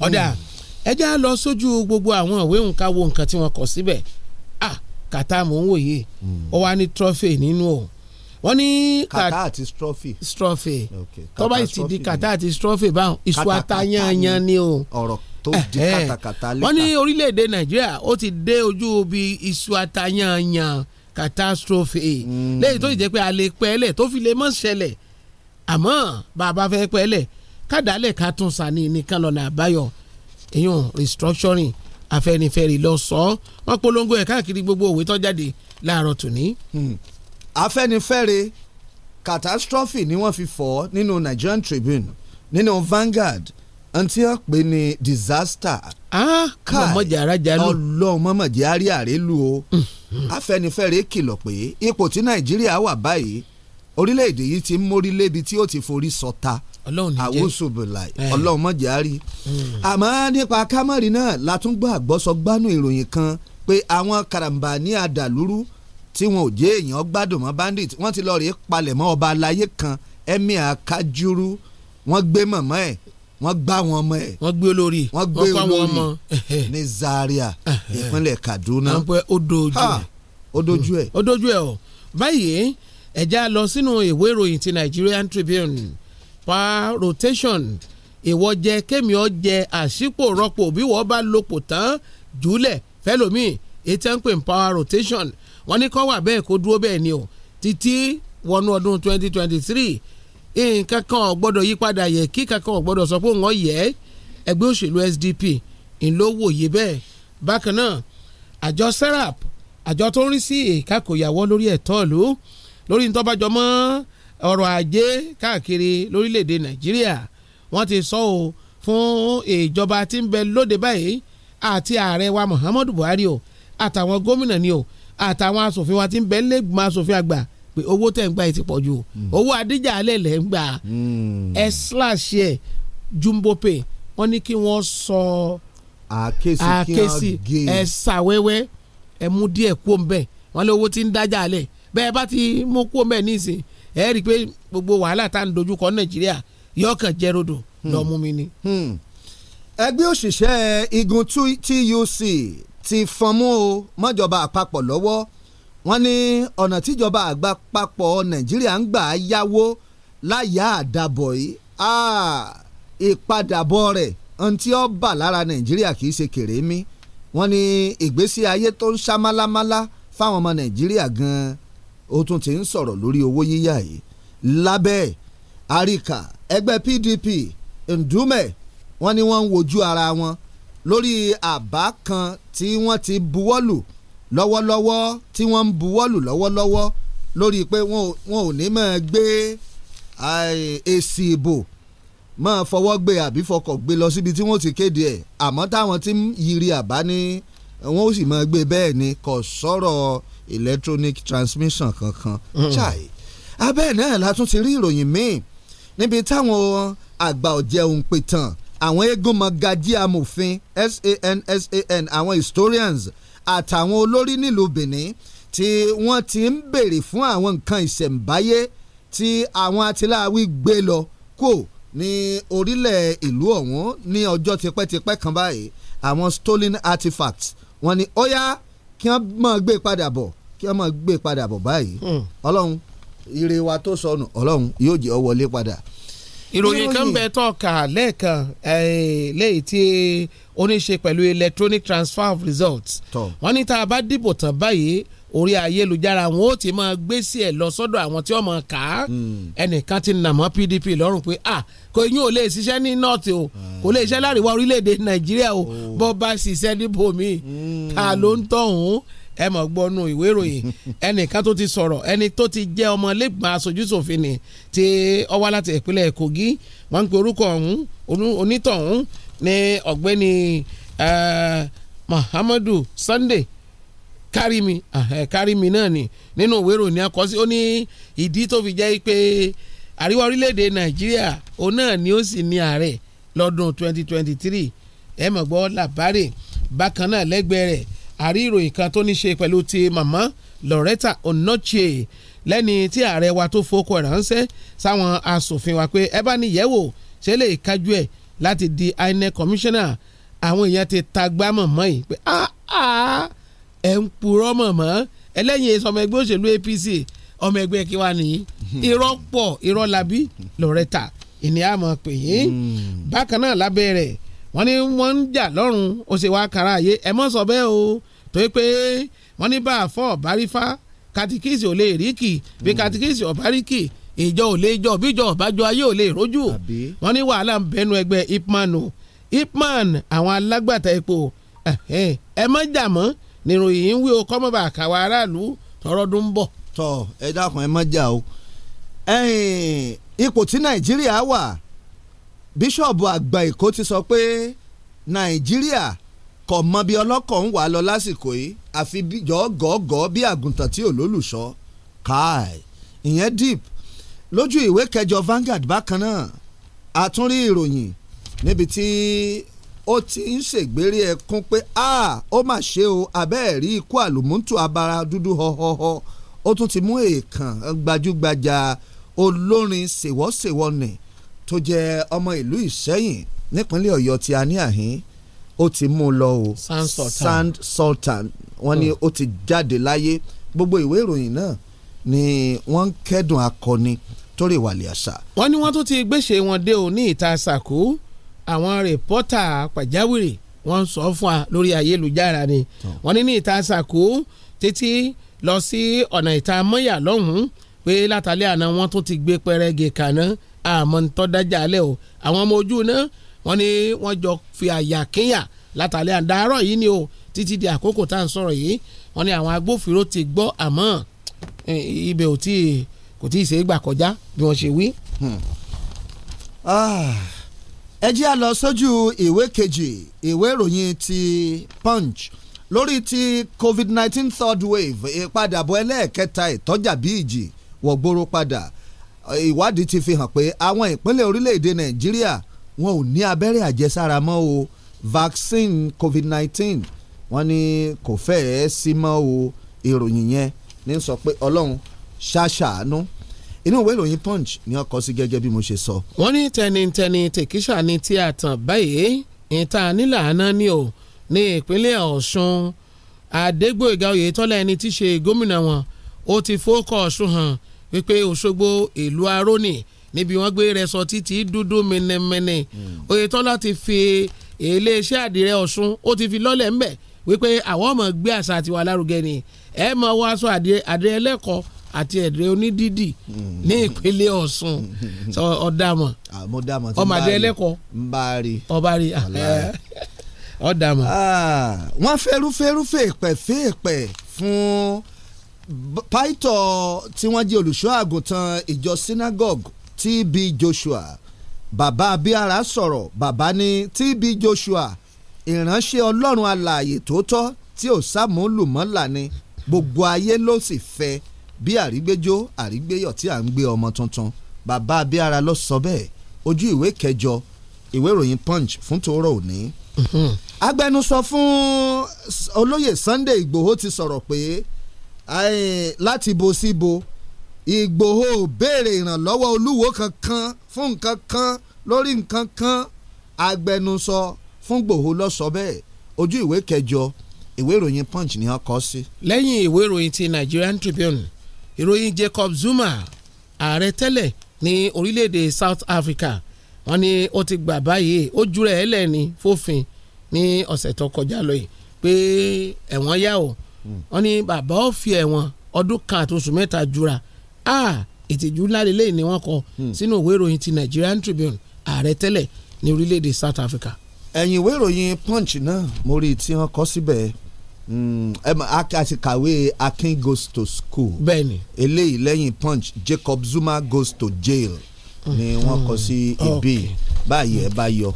ọ̀dà hmm. ẹ já lọ sójú gbogbo àwọn ìwé nǹkan wo nǹkan tí wọ́n kọ síbẹ̀ ah kàtà mò ń wòye hmm. ó wà ní trophy nínú o wọ́n ní. kàtà àti strophy. strophy tọ́ba ti di kàtà àti strophy báwọn iṣu atayanyan ni o. ọ̀rọ̀ tó eh, di kàtàkàtà lẹ́ka. wọ́n ní orílẹ̀-èdè nàìjíríà ó ti dé ojú ibi iṣu atayanyan catastrophe mm. lẹ́yìn tó sì jẹ́ pé a lè pẹ́ lẹ̀ tó fi lè mọ́ ṣẹlẹ̀ àmọ́ bàbá fẹ́ pẹ́ lẹ̀ kádàálẹ̀ ká tún sani nìkan lọ́nà àbáyọ ìyún restructuring Afẹ́nifẹ́re lọ sọ wọn polongo ẹ̀ káàkiri gbogbo òwe tó jáde láàárọ̀ tòní. Hmm. Afẹ́nifẹ́re catastrophe ni wọ́n fi fọ́ nínú Nigerian Tribune nínú Vanguard àǹtí ọ̀ pé ní disaster. ah mọ̀mọ́jà arajà lù. ọlọ́run mọ̀mọ́jà arí àrélù o. Mm Afẹ́nifẹ́re kìlọ̀ pé ipò tí Nàìjíríà wà báyìí orílẹ̀-èdè yìí ti ń mórí lébi tí ó ti forí sọta àwòsùbùlà ọlọ́run mọ̀jẹ̀ á rí hmm. àmọ́ nípa kámọ́rì náà la tún gbọ́ àgbọ́sọgbánú ìròyìn kan pé àwọn karambà ní àdàlúrú tí wọn ò jẹ́ èèyàn gbádùn mọ́ bandit wọ́n ti lọ rèé palẹ̀ mọ́ ọba aláyé kan emir kájúrú wọ́n gbé mọ̀mọ́ ẹ̀ wọ́n gbá wọn ọmọ ẹ̀. wọ́n gbé olórí wọ́n gbé olórí ní Zaria ìpínlẹ̀ Kaduna. Ha, dojú ẹ̀ ó dojú o báyìí ẹ̀já lọ sínú ìwé ìròyìn ti Nigerian Tribune pa rotation ìwọ jẹ kémi ọ jẹ àsìkò rọpò bí wọ́n bá lopò tán jùlẹ̀ fẹ́lòmí ètò ń pè ní power rotation wọ́n ní kọ́ wà bẹ́ẹ̀ kó dúró bẹ́ẹ̀ ni o títí wọnú ọdún 2023 nǹkan kan ò gbọ́dọ̀ yí padà yẹ kí kankan ò gbọ́dọ̀ sọ pé wọ́n yẹ ẹgbẹ́ òṣèlú SDP ńlọ́wọ́yè bẹ́ẹ̀ bákan náà àjọ serap àjọ tó ń rí sí ìkákòyàwó lórí ẹ̀tọ́ ìlú lórí ntọ́bàjọmọ́ ọrọ̀ ajé káàkiri lórílẹ̀‐èdè Nàìjíríà wọ́n ti sọ ọ́ fún ìjọba tí ń bẹ lóde báyìí àti ààrẹ wa Muhammadu Buhari o àtàwọn gómìnà ni o àtàwọn asòfin wa tí ń bẹ lẹ́gbọ̀n asòfin àgbà pé owó tẹ̀ ń gbà yìí ti pọ̀ jù hmm. owó adíjà alẹ́ lẹ̀ ń gbà hmm. ẹ slash ẹ jumbo pay wọ́n ní kí wọ́n sọ àkẹ́sì ẹ ṣàwẹ́wẹ́ ẹ mú díẹ̀ kó ń bẹ̀ wọ́n lé owó tí ń dájà alẹ́ bẹ́ẹ̀ bá ti mú kó ń bẹ̀ nísìn ẹ rí i pé gbogbo wàhálà tá à ń dojúkọ Nàìjíríà yọkàn jẹ́ rodò hmm. lọ́ọ́ mú mi ni. ẹgbẹ́ òṣìṣẹ́ igun TUC ti fọnmú o mọ́jọba àpapọ̀ lọ́wọ́ wọ́n ní ọ̀nà tíjọba àgbà papọ̀ nàìjíríà ń gbà yáwó láyà àdàbọ̀ yìí ìpadàbọ̀ rẹ̀ ntí ó bà lára nàìjíríà kì í ṣe kèrè mí wọ́n ní ìgbésí ayé tó ń ṣá málámálá fáwọn ọmọ nàìjíríà gan-an ó tún ti ń sọ̀rọ̀ lórí owó yíyá yìí lábẹ́ àríkà ẹgbẹ́ PDP Ndume wọ́n ní wọ́n ń wojú ara wọn lórí àbá kan tí wọ́n ti buwọ́lù lọ́wọ́lọ́wọ́ tí wọ́n ń buwọ́lù lọ́wọ́lọ́wọ́ lórí pé wọn ò ní máa gbé èsì ìbò máa fọwọ́ gbé àbí fọkọ̀ gbé lọ síbi tí wọ́n ti kéde ẹ̀ àmọ́ táwọn tí ń yiri àbá ní wọn ó sì máa gbé bẹ́ẹ̀ ni kò sọ̀rọ̀ electronic transmission kankan mm-hmm. chai abẹ́ náà la tún ti rí ìròyìn míì níbi táwọn àgbà ọ̀jẹ̀ òǹpẹ̀tàn àwọn eégún mọ̀gájí amòfin SAN SAN àwọn historians àtàwọn olórí nílùú Benin tí wọ́n ti ń béèrè fún àwọn nǹkan ìṣẹ̀ǹbáyé tí àwọn atiláwí gbé lọ kò ní orílẹ̀ ìlú ọ̀hún ní ọjọ́ tipẹ́tipẹ́ kan báyìí àwọn stolen artifacts wọ́n ní ó yá kí wọ́n máa gbé padà bọ̀ kí wọ́n máa gbé padà bọ̀ báyìí hmm. ọlọ́run ire wa tó sọnù ọlọ́run yóò jẹ́ ọ wọlé padà ìròyìn kan bẹ tọ́ka lẹ́ẹ̀kan eh, lẹ́yìn tí ó ní pẹ̀lú electronic transfer of results wọ́n ní tá a bá dìbò tán báyìí orí ayélujára wọn ó ti máa gbé sí ẹ lọ sọ́dọ̀ àwọn tí wọ́n máa kà á hmm. ẹnìkan ti nà mọ́ PDP lọ́rùn pé ah kò yín ò lè ṣiṣẹ́ ní north o hmm. kò lè ṣiṣẹ́ láríwá orílẹ̀-èdè Nàìjíríà o oh. bọ́ bá ṣiṣẹ́ níbo mi hmm. ta ló ń tọ̀hún ẹ mọ̀ gbọ́nu ìwé ìròyìn (laughs) ẹnìkan tó ti sọ̀rọ̀ ẹni tó ti jẹ́ ọmọ lẹ́gbọ̀n aṣojúṣòfin ni ti ọwá láti ìpínlẹ̀ Kogi wọ́n ń pe orúkọ ọ̀hún onítọ̀hún ní ọ̀gbẹ́ni Muhammadu Sunday karimi Kárìmí náà ni nínú ìwé ìròyìn ni a kọ sí ó ní ìdí tó fi jẹ́ pé àríwá orílẹ̀-èdè Nàìjíríà òun náà ni ó sì ní ààrẹ lọ́dún 2023 ẹ mọ̀ gbọ́ làbárè bákan náà lẹ́gbẹ̀ẹ́ rẹ̀ àrí ìròyìn kan tó ní ṣe pẹ̀lú ti màmá Loretta Onochie lẹ́ni tí ààrẹ wa tó fowókọ ránṣẹ́ sáwọn asòfin wa pé ẹ bá ní yẹ̀wò ṣe lè kájú ẹ̀ láti di INEC commissioner àwọn èèyàn ti tagbá mọ̀mọ́ yìí pé ah, ah, ẹ̀ ń purọ́ mọ̀mọ́ ẹlẹ́yin èso ọmọ ẹgbẹ́ òṣèlú APC ọmọ ẹgbẹ́ kí wàá nìyí irọ́ pọ̀ irọ́ labí Loretta ìní àmọ́ pè yín hmm. bákan náà lábẹ́ rẹ̀ wọ́n ní wọ́n ń jà lọ́rùn ó sì wá kára ayé ẹ mọ́ sọ bẹ́ẹ̀ o tó yẹ pé wọ́n ní bá a fọ́ ọ̀bárífá katikíìsì ò lè rí kì bí hmm. katikíìsì ọ̀báríkì ìjọ ò lè jọ bíjọ ọ̀bájọ ayé ò lè rójú wọ́n ní wàhálà ń bẹnu ẹgbẹ́ ipman o ipman àwọn alágbàtà epo ẹ mọ́ jà mọ́ níròyìn ń wí o kọ́mọ́bà káwa aráàlú tọrọ dún bọ̀. tọ ẹ dákun ẹ mọ́ jà o ipò tí nàìjíríà wà bíṣọ̀bù àgbà èkó ti sọ pé nàìjíríà kò mọ bí ọlọ́kọ̀ ń wà lọ lásìkò yìí àfi gọ́gọ́ bí àgùntàn tí olólùṣọ́ káì ìyẹn deep lójú ìwé kẹjọ Vanguard bákan náà àtúnrí ìròyìn níbi tí ó ti ń ṣègbérí ẹkún pé a ó mà ṣe o abẹ́ẹ̀ rí ikú àlùmọ́tò abara dúdú họ́họ́họ́ ó tún ti mú èèkàn gbajúgbajà olórin ṣèwọ́ṣèwọ́ nìí tó jẹ́ ọmọ ìlú Ìṣẹ́yìn nípínlẹ̀ Ọ̀yọ́ tí a ní àhín ó ti mú un lọ o Sand Sultan wọ́n ní hmm. ó ti jáde láyé gbogbo ìwé ìròyìn náà ni wọ́n ń kẹ́dùn akọni torí ìwàlẹ̀ àṣà. wọ́n ní wọ́n tún ti gbèsè wọn dé o ní ìta sàkó àwọn rìpọ́tà pàjáwìrì wọ́n sọ fún wa lórí ayélujára ni wọ́n ní ní ìta sàkó títí lọ sí ọ̀nà ìta mọ́yà lọ́hùn-ún pé látàlẹ́ àná wọ́n tún ti gbé pẹrẹgì kaná àmọ́ ntọ́ dájà alẹ́ o àwọn ọmọ ojú náà wọ́n ní wọ́n jọ fi àyà kínyà látàlẹ́ àdàárọ̀ yìí ni o títí di àkókò tá à ń sọ̀rọ̀ yìí wọ́n ní àwọn agbófinró ti gbọ́ àmọ́ ibẹ̀ ò tí kò tí ì ṣe é gbà kọjá bí wọ́n ṣe wí. Hmm. Ah, ẹ jẹ́ à lọ sójú ìwé kejì ìwé ìròyìn ti punch lórí ti covid nineteen third wave ìpadàbọ̀ ẹlẹ́ẹ̀kẹta ìtọ́jà bí ìjì wọ̀gbóró padà ìwádìí ti fi hàn pé àwọn ìpínlẹ̀ orílẹ̀-èdè nàìjíríà wọn ò ní abẹ́rẹ́ àjẹsára mọ́ o vaccine covid nineteen wọ́n ní kò fẹ́ẹ́ sí mọ́ o ìròyìn yẹn ní sọ pé ọlọ́run ṣàṣàánú inú ìwé ìròyìn punch ni wọ́n kọ sí gẹ́gẹ́ bí mo ṣe sọ. wọ́n ní tẹnitẹni tèkísà ni tí a tàn báyìí ìta nílànà ni o ní ìpínlẹ̀ ọ̀ṣun adégbòyìgá oyètọ́lá ẹni tí í ṣe gómìnà wọn ó ti fọ́kọ̀ ọ̀ṣun hàn wípé Òṣogbo ìlú arónì níbi wọ́n gbé rẹsọ títí dúdú mẹnẹmẹnẹ hmm. Oyètọ́lá ti fi iléeṣẹ́ àdìrẹ Ọ̀ṣun ó ti fi lọ́lẹ̀ ńbẹ̀ wípé àwọn ọmọ gbé àṣà àtiwà lárugẹ ni ẹ máa wọ aṣọ àdìrẹ ẹlẹ́kọ̀ọ́ àti ẹ̀dẹ̀ onídìdì hmm. ní ìpínlẹ̀ Ọ̀ṣun ọ̀dàmọ̀ ọmọdé ẹlẹ́kọ̀ọ́ ọba rí ọ̀dàmọ̀. (laughs) Ah, wọ́n fẹ́rú fẹ́rú fèèpẹ̀ fèèpẹ̀ fún pító tí wọ́n jẹ́ olùṣọ́ àgùntàn ìjọ synagogue TB Joshua bàbá abíára sọ̀rọ̀ bàbá ní TB Joshua ìránṣẹ́ ọlọ́run alààyè tó tọ́ tí ò sàmúlùmọ́là ni gbogbo ayé ló sì fẹ́ bí àrígbéjó àrígbéyọ̀ tí à ń gbé ọmọ tuntun bàbá abíára ló sọ bẹ́ẹ̀ ojú ìwé kẹjọ ìwé ìròyìn punch fún tòórọ́ òní. Mhm. agbẹnusọ fún olóyè Sunday Ìgbòho ti sọ̀rọ̀ pé láti bo sí bo Ìgbòho béèrè ìrànlọ́wọ́ olúwo kankan fún nǹkan kan lórí nǹkan kan agbẹnusọ fún Gbòho ló sọ bẹ́ẹ̀ ojú ìwé kẹjọ ìwé ìròyìn Punch ni wọ́n kọ sí. lẹ́yìn ìwé ìròyìn ti Nigerian Tribune ìròyìn Jacob Zuma ààrẹ tẹ́lẹ̀ ní orílẹ̀-èdè South Africa wọ́n ní ó ti gbà báyìí ó júrẹ̀ ẹlẹ́ni fòfin ní ọ̀sẹ̀ tó kọjá lọ yìí pé ẹ̀wọ̀n yá o. Jure, eleni, wọ́n ní bàbá ó fi ẹ̀wọ̀n ọdún kan àti oṣù mẹ́ta jura ah, ìtìjú ńlá lélẹ́yìn ni wọ́n kọ hmm. sínú ìwé ìròyìn ti Nigerian Tribune ààrẹ tẹ́lẹ̀ ní orílẹ̀-èdè South Africa. ẹ̀yìn ìwé ìròyìn Punch náà mo rí i tí wọ́n kọ síbẹ̀ hmm, a ti kàwé Akin goes to school. bẹ́ẹ̀ni. eléyìí lẹ́yìn Punch Jacob Zuma goes to jail ni wọ́n kọ sí ebè mm, báyìí ẹ bá yọ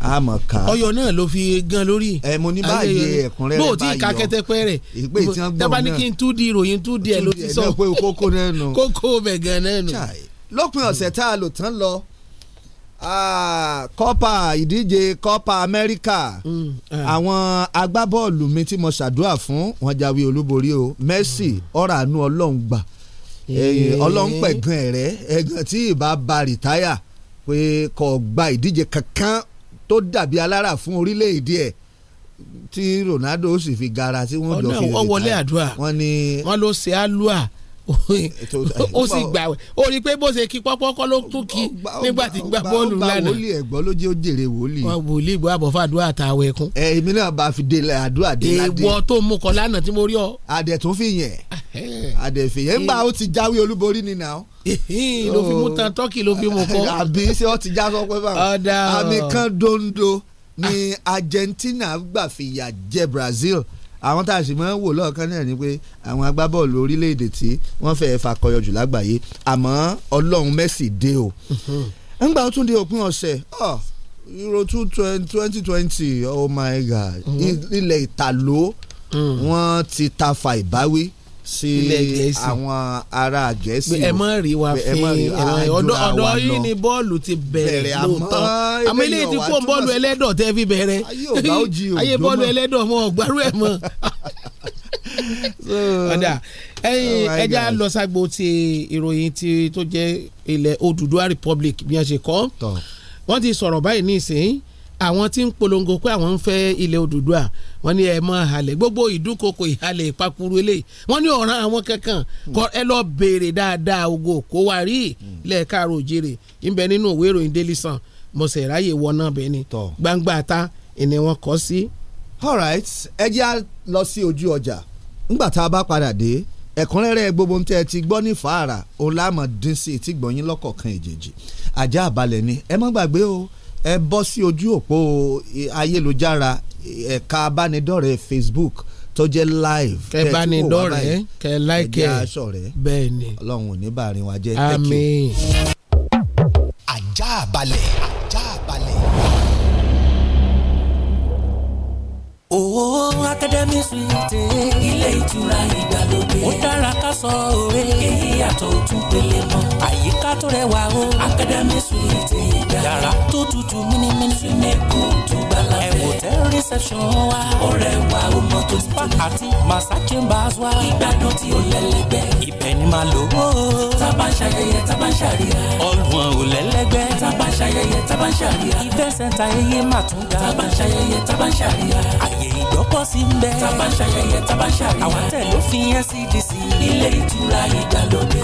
a mọ̀ ká. ọyọ náà ló fi gan lórí. ẹ mo ní báyìí ẹkùnrẹ́rẹ́ báyìí yọ bó ti ka kẹtẹpẹ rẹ ìpè tí wọn gbọ kí n tú di ìròyìn tú di ẹ ló ti sọ kókó náà nù. (laughs) kókó bẹ̀ gan náà lópin ọ̀sẹ̀ tá a lò tán lọ kọ́pà ìdíje kọ́pà amẹ́ríkà mm, àwọn agbábọ́ọ̀lù mi tí mo ṣàdúrà fún wọn jáwé olúborí o Messi ọ̀rọ̀ àánú Mm, uh ọlọ́npẹ̀gàn rẹ̀ ẹ̀gàn tí ìbá ba rìtáyà pé kò gba ìdíje kankan tó dàbí alára fún orílẹ̀-èdè ẹ̀ tí Ronaldo sì fi gara tí wọ́n jọ fi rìtáyà wọ́n ní wọ́n ló ṣe alua (laughs) ó sì gbàwẹ̀ ó rí i pé bó ṣe kí pọ́pọ́ kọ́ ló tún kí nígbà tí gbà bọ́ọ̀lù lánàá. bá wòlíì ẹ̀gbọ́n ló jẹ́ ó jèrè wòlíì. wọn wòlíì gbọ́ àbọ̀fà àdúrà àtàwọ̀ ẹ̀kún. ẹ èmi náà bá fi délé àdúrà dé ládé. èèwọ̀ tó mú kọ lánàá tí mo rí ọ. àdẹ̀ tó fi yẹn àdẹ̀ fi yẹn ńgbà ó ti jáwé olúborí nínú àwọn ló fi mú oh. tan tọ́kì ló fi mú kọ́. (laughs) àbí ṣé ọ ti já sọ pé báwọn àmì dondo ni Argentina gbà fìyà jẹ Brazil àwọn tá a sì máa ń wò lọ́ọ̀kan náà ni pé àwọn agbábọ́ọ̀lù orílẹ̀-èdè tí wọ́n fẹ́ fàkọyọ jù lágbàáyé àmọ́ ọlọ́run Messi dé o ńgbà mhm. ó tún di òpin ọ̀sẹ̀ oh, Euro two twenty twenty oh my God mhm. ilẹ̀ ìtàló mm. wọ́n ti ta fa ìbáwí sí àwọn ará Gẹ̀ẹ́sì ẹ mọ̀ rí wa fi ọ̀dọ̀ ọ̀dọ̀ yìí ni bọ́ọ̀lù ti bẹ̀rẹ̀ lóòótọ́ àmọ́ ilé ti fún bọ́ọ̀lù ẹlẹ́dọ̀ tẹ́ fi bẹ̀rẹ̀ ayé (laughs) bọ́ọ̀lù ẹlẹ́dọ̀ mọ́ ọ̀gbárù ẹ̀ mọ́ (laughs) ọ̀dà ẹyin ẹja lọ ságbo ti ìròyìn ti tó jẹ́ ilẹ̀ Odùduwà Republic bí wọ́n ṣe kọ́ wọ́n ti sọ̀rọ̀ báyìí ní àwọn tí ń polongo pé àwọn ń fẹ́ ilẹ̀ Odùduwà wọ́n ní ẹ mọ́ halẹ̀ gbogbo ìdúnkokò ìhalẹ̀ ìpakuru eléyìí wọ́n ní ọ̀ràn àwọn kankan hmm. kọ ẹ lọ béèrè dáadáa ògo kó wá rí hmm. lẹ́ẹ̀ka àròjèrè ńbẹ nínú òwe ìròyìn Daily Sun mo ráyè wọ bẹ́ẹ̀ ni gbangba ta ìní wọn kọ́ sí. alright ẹ jẹ́ a lọ sí ojú ọjà ńgbà tá a bá padà dé ẹ̀kúnrẹ́rẹ́ gbogbo ń tẹ́ ẹ ti gbọ́ ní fàárà òun láàmú dín sí lọ́kọ̀ọ̀kan èjèèjì ajá àbálẹ̀ ni ẹ má gbàgbé o ẹ bọ́ sí ojú òpó e, ayélujára ẹ̀ka abánidọ́rẹ̀ẹ́ Facebook tó jẹ́ live kẹ bá ní dọ́rẹ̀ẹ́ kẹ láìkẹ́ bẹ́ẹ̀ ni ọlọ́run ò ní bàárín wa jẹ́ tẹ́kì. àmín. ajá balẹ̀ ajá balẹ̀. Owó Akademi Suite. Ilé ìtura ìgbàlódé. Ó dára ká sọ òwe. Èyí yàtọ̀ òtún pele mọ́. Àyíká tó rẹwà o. Akademi Suite yàrá tó tutù mímímí. sinimu tó gbala fẹ́. ẹ̀wò tẹ reception wa. ọ̀rẹ́ wa ó mọ tó tutù. spa àti massa chambers wa. ìgbádùn tí ó lẹ́lẹ́gbẹ́. ibẹ̀ ni màá lò ó. taba ń ṣayẹyẹ taba ń ṣàríyá. ọ̀gbun ò lẹ́lẹ́gbẹ́. taba ń ṣayẹyẹ taba ń ṣàríyá. event center eye máa tún ga. taba ń ṣayẹyẹ taba ń ṣàríyá. àyè ìgbọ́kọ̀ sí ń bẹ. taba ń àwọn tẹ̀ ló fi NCDC. ilé ìtura ìdàlódé.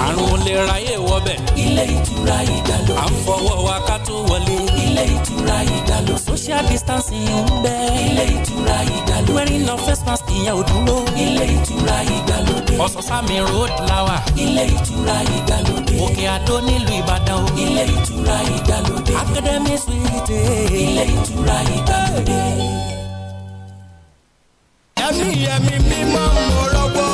ilé ìtura ìdàlódé. à wọ̀ wá ká tó wọlé. ilé ìtura ìdàlú. social distancing ń bẹ. ilé ìtura ìdàlú. wearing no face mask ìyẹn ò dúró. ilé ìtura ìdàlódé. ọ̀sán-sámi road lawa. ilé ìtura ìdàlódé. òkè àdó nílùú ìbàdàn o. ilé ìtura ìdàlódé. academy suite. ilé ìtura ìdàlódé. ẹ̀mí ẹ̀mí mímọ́ mọ́ rọ́gbọ́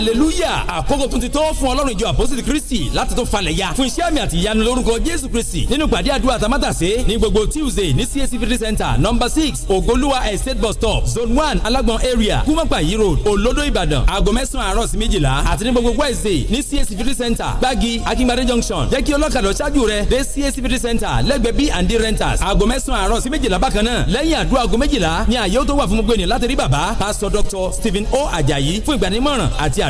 hallelujah àkókò tún ti tó fún ọlọ́run ìjọ àpọ́sítì kristi láti tó falẹ̀ ya fún iṣẹ́ àmì àti ìyanu lórúkọ jésù kristi nínú pàdé àdúrà tamátàsé ní gbogbo tuesday ní cac center number six ogoluwa estate bus stop zone one alágbọn area kúmọ̀pàyí road olodo ìbàdàn aago mẹ́sàn-án àárọ̀ sí méjìlá àti ní gbogbo wednesday ní cac center gbági akínbádé junction jẹ́ kí ọlọ́kadà ṣáájú rẹ dé cac fifty center lẹ́gbẹ̀ẹ́ b and d renters aago mẹ́sàn-án àárọ̀ sí méjìlá bákan náà lẹ́yìn àdúrà aago méjìlá ni àyè ó tó wà fún gbogbo ènìyàn láti rí stephen o ajayi fún ìgbaninímọ̀ràn àti à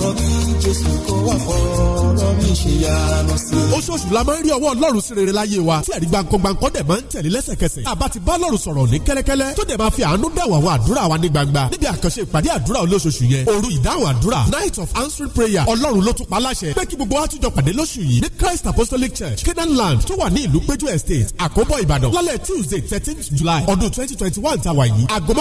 Bravo. jésù kó wá fọ́ọ̀rọ̀ mi ṣe yàrá sí. oṣooṣù la máa ń rí ọwọ́ ọlọ́run sí rere láyé wa tí ẹ̀rí dẹ̀ máa ń tẹ̀lé lẹ́sẹ̀kẹsẹ̀ àbá ti bá ọlọ́run sọ̀rọ̀ ní kẹ́lẹ́kẹ́lẹ́ tó dẹ̀ máa fi àánú dẹ̀wọ̀ àwọn àdúrà wa ní gbangba níbi àkànṣe ìpàdé àdúrà olóṣooṣù yẹn òru ìdáhùn àdúrà night of answering prayer ọlọ́run ló tún pa láṣẹ pé kí gbogbo wa tún jọ pàdé lóṣù yìí ní christ apostolic church canaan land tó wà ní ìlú péjú estate àkóbọ̀ ìbàdàn lálẹ́ tuesday thirteenth july ọdún twenty twenty one tàwa yìí aago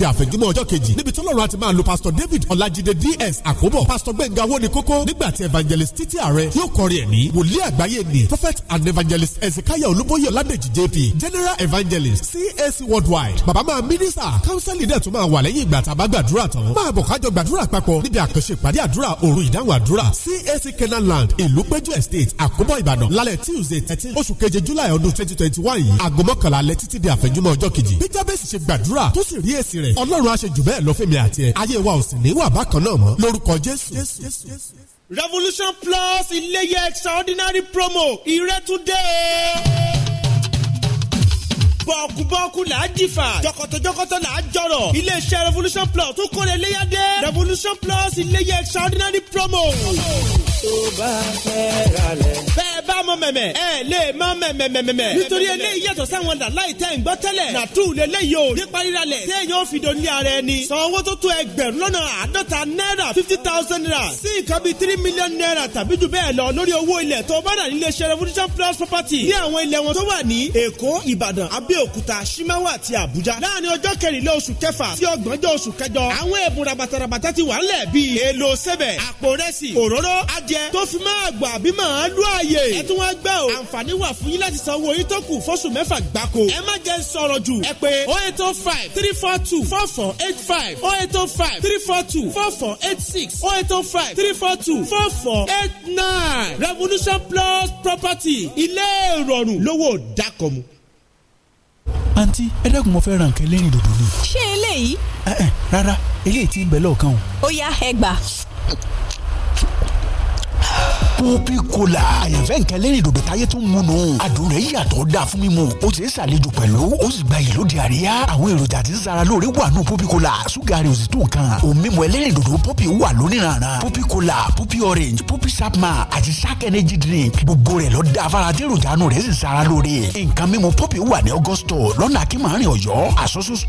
di àfẹ̀júmọ́ ọjọ́ kejì níbi tọ́lọ́run àti máa lo pastor david ọlájídé ds àkóbọ̀ pastor gbẹ̀ngà ìgbéyàwó ni kókó nígbà tí evangelist títí ààrẹ yóò kọrin ẹ̀mí wòlíì àgbáyé ni prophet and evangelist ezekiah olúbóyè ọládèjì jp general evangelist cac worldwide bàbá máa mínísà kánsẹ́lì dẹ̀ tún máa wà lẹ́yìn ìgbà tá a bá gbàdúrà tán máa bọ̀ kájọ gbàdúrà papọ̀ níbi àkànṣe ìpàdé àdúrà òru ìdáhùn àdúrà cac canal land ìlú péjú estate àkóbọ̀ ìbàdàn lálẹ́ tuesday thirteen oṣù keje july ọdún twenty twenty one yìí aago mọ́kànlá alẹ́ títí di àfẹ̀júmọ́ ọjọ́ kejì bí jábẹ́sì ṣe gbàdúrà tó sì rí èsì rẹ̀ ọlọ́run á ṣe jù bẹ́ẹ̀ lọ fẹ́mi àti ẹ̀ ayé wa ò sì ní wà bákan náà mọ́ lórúkọ jésù jésù. revolution plus iléyẹ extraordinary promo ìrẹ́túndé bọ́ọ̀kú-bọ́ọ̀kú là á jìfà jọkọ̀tọ̀jọkọ̀tọ̀ là á jọ̀rọ̀ iléeṣẹ́ revolution plus tó kọ́ni ẹlẹ́yà dé revolution plus iléyẹ extraordinary promo. tó bá fẹ́ ra lẹ̀. bẹ́ẹ̀ bá mọ mẹ̀mẹ̀ ẹ lè má mẹ̀mẹ̀mẹ̀mẹ̀. nítorí eléyìí yàtọ̀ sáwọn làláì tẹ̀ ń gbọ́ tẹ́lẹ̀ nàtú lélẹ́yìí o nípa ríra lẹ̀ téèyàn ò fi dòní ara ẹni. san owó tó tó ẹgbẹ̀rún lọ́nà àádọ́ta náírà fifty thousand naira sí nǹkan bíi three million naira tàbí jù bẹ́ẹ̀ lọ lórí owó ilẹ̀ tó bá dà nílé iṣẹ́ revolution plus property ní àwọn ilẹ̀ wọn tó wà ní èkó ìbàdàn abẹ́ abẹ́òkúta simawa àti abuja láàrin ọjọ́ kẹrìnlá oṣù kẹfà sí ọgbọ̀njọ́ oṣù kẹjọ àwọn ẹ̀bùn rabatarabata ti wà ńlẹ̀ bíi èlò sẹ́bẹ̀ àpò rẹ́sì òróró adìẹ tó fi máa gbà bí máa lú àyè ẹ tún wá gbà o àǹfààní wà fún yín láti san owó yín tó kù fọ́sù mẹ́fà gbáko ẹ má jẹ́ sọ̀rọ̀ jù ẹ pé oh eight oh five three four two four four eight five oh eight oh five three four two four four eight six oh eight oh five three four two four four eight nine revolution plus property ilé ìrọ̀rùn lówó dákọ̀mù àǹtí ẹ dákun mo fẹ́ ra nǹkan ẹlẹ́rìn dòdò ni. ṣé eléyìí. Eh, eh, rárá eléyìí ti ń bẹ lọ́ọ̀kan o. ó yá ẹ gbà kópì kola àyànfẹ́ nǹkan lẹ́yìn dòdò táyé tó ń múnú àdùn rẹ̀ yàtọ̀ dáa fún mímu ó ti ń ṣàlejò pẹ̀lú ó sì gba ìlú di àríyá àwọn èròjà tí ń sara lóore wà nù kópì kola ṣúgà rẹ̀ ò sì tó nǹkan òun mímu ẹlẹ́rìn dòdò pọ́pì wà lóníranran kópì kola kópì orange kópì sapma àti shark energy drink gbogbo rẹ̀ lọ da afárá tí èròjà nù rẹ̀ sì sara lóore nǹkan mímu pọ́pì wà ní augusto lọ́nà akínmọ́rin ọ̀yọ́ àsọ́sọ́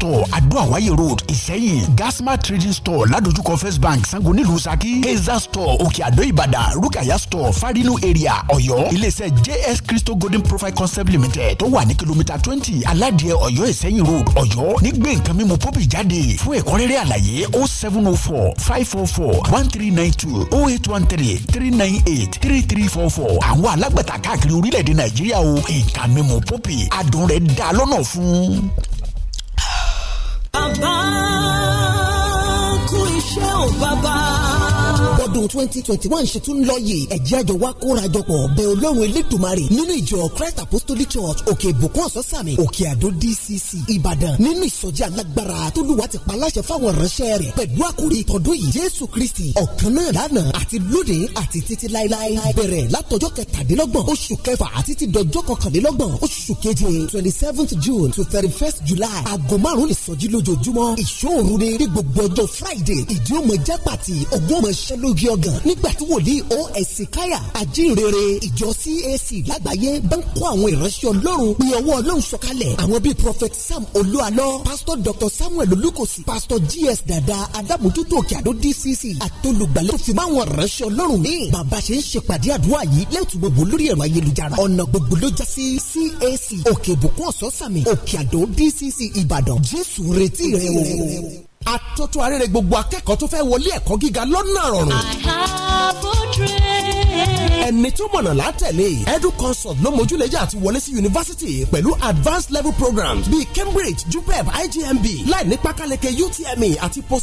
Kaya store Farinu area Ọ̀yọ́ iléeṣẹ́ JS Crystal Golden Profile Concept Limited tó wà ní kìlómítà twenty aládìẹ Oyo, Ìsẹ́yìn road Oyo. nígbè nǹkan mímu popi jáde fún ẹ̀kúnrẹ́rẹ́ àlàyé o oh seven o oh four five four four one three nine two o oh eight one three three nine eight three three four four àwọn alágbàtà káàkiri orílẹ̀-èdè Nàìjíríà o nǹkan mímu popi adùn rẹ̀ dá lọ́nà fún. bàbá kú iṣẹ́ ò bàbá ọdún twenty twenty one ṣe tún lọ yìí ẹ̀jẹ̀ àjọ wa kóra jọpọ̀ bẹ Ọlọ́run Elédùmarè nínú ìjọ Christ Apostolic Church òkè ìbùkún ọ̀sọ́sàmì òkè àdó DCC Ìbàdàn nínú ìsọjí alágbára tólúwa ti paláṣẹ fáwọn ìránṣẹ́ rẹ̀ pẹ̀lú àkórí ìtọ́dún yìí Jésù Kristi ọ̀kan náà lánàá àti lóde àti títí láéláé bẹ̀rẹ̀ látọjọ́ kẹtàdínlọ́gbọ̀n oṣù kẹfà àti ti dọjọ́ kọkànlélọ́gbọ̀n oṣù keje twenty seventh June to thirty first July aago márùn-ún ìsọjí lójoojúmọ́ ìṣòro ni ní gbogbo ọjọ́ Friday ìdí ó mọ jápàtì ògbó ọmọ ṣẹlógi ọ̀gàn nígbà tí wòlíì o ẹ̀sìnkáyà àjíǹrere ìjọ CAC lágbàáyé bá ń kó àwọn ìránṣẹ́ ọlọ́run pé ọwọ́ ọlọ́run sọ̀kalẹ̀ àwọn bíi prophet sam olúalọ́ pastor dr samuel olùkọ́sì pastor gs dada Adamututo òkè àdó dcc àtolùgbàlẹ̀ tó fi máa wọn ìránṣẹ́ ọlọ́run mi bàbá ṣe ń ṣèpàdé àdúrà yìí lẹ́tù gbogbo lórí ẹ̀rọ ayélujára ọ̀nà gbogbo ló já sí CAC òkè ìbùkún ọ̀sán sàmì òkè àdó dcc ìbàdàn jésù retí rẹ o àtọ́tún arére gbogbo akẹ́kọ̀ọ́ tó fẹ́ wọlé ẹ̀kọ́ gíga lọ́nà rọrùn. I ẹni tó mọ̀nà látẹ̀lé educonsult ló mójúlẹ̀jà àti wọlé sí yunifásitì pẹ̀lú advanced level programs bíi Cambridge JUPEB IGMB, láì ní pákáleke UTME àti post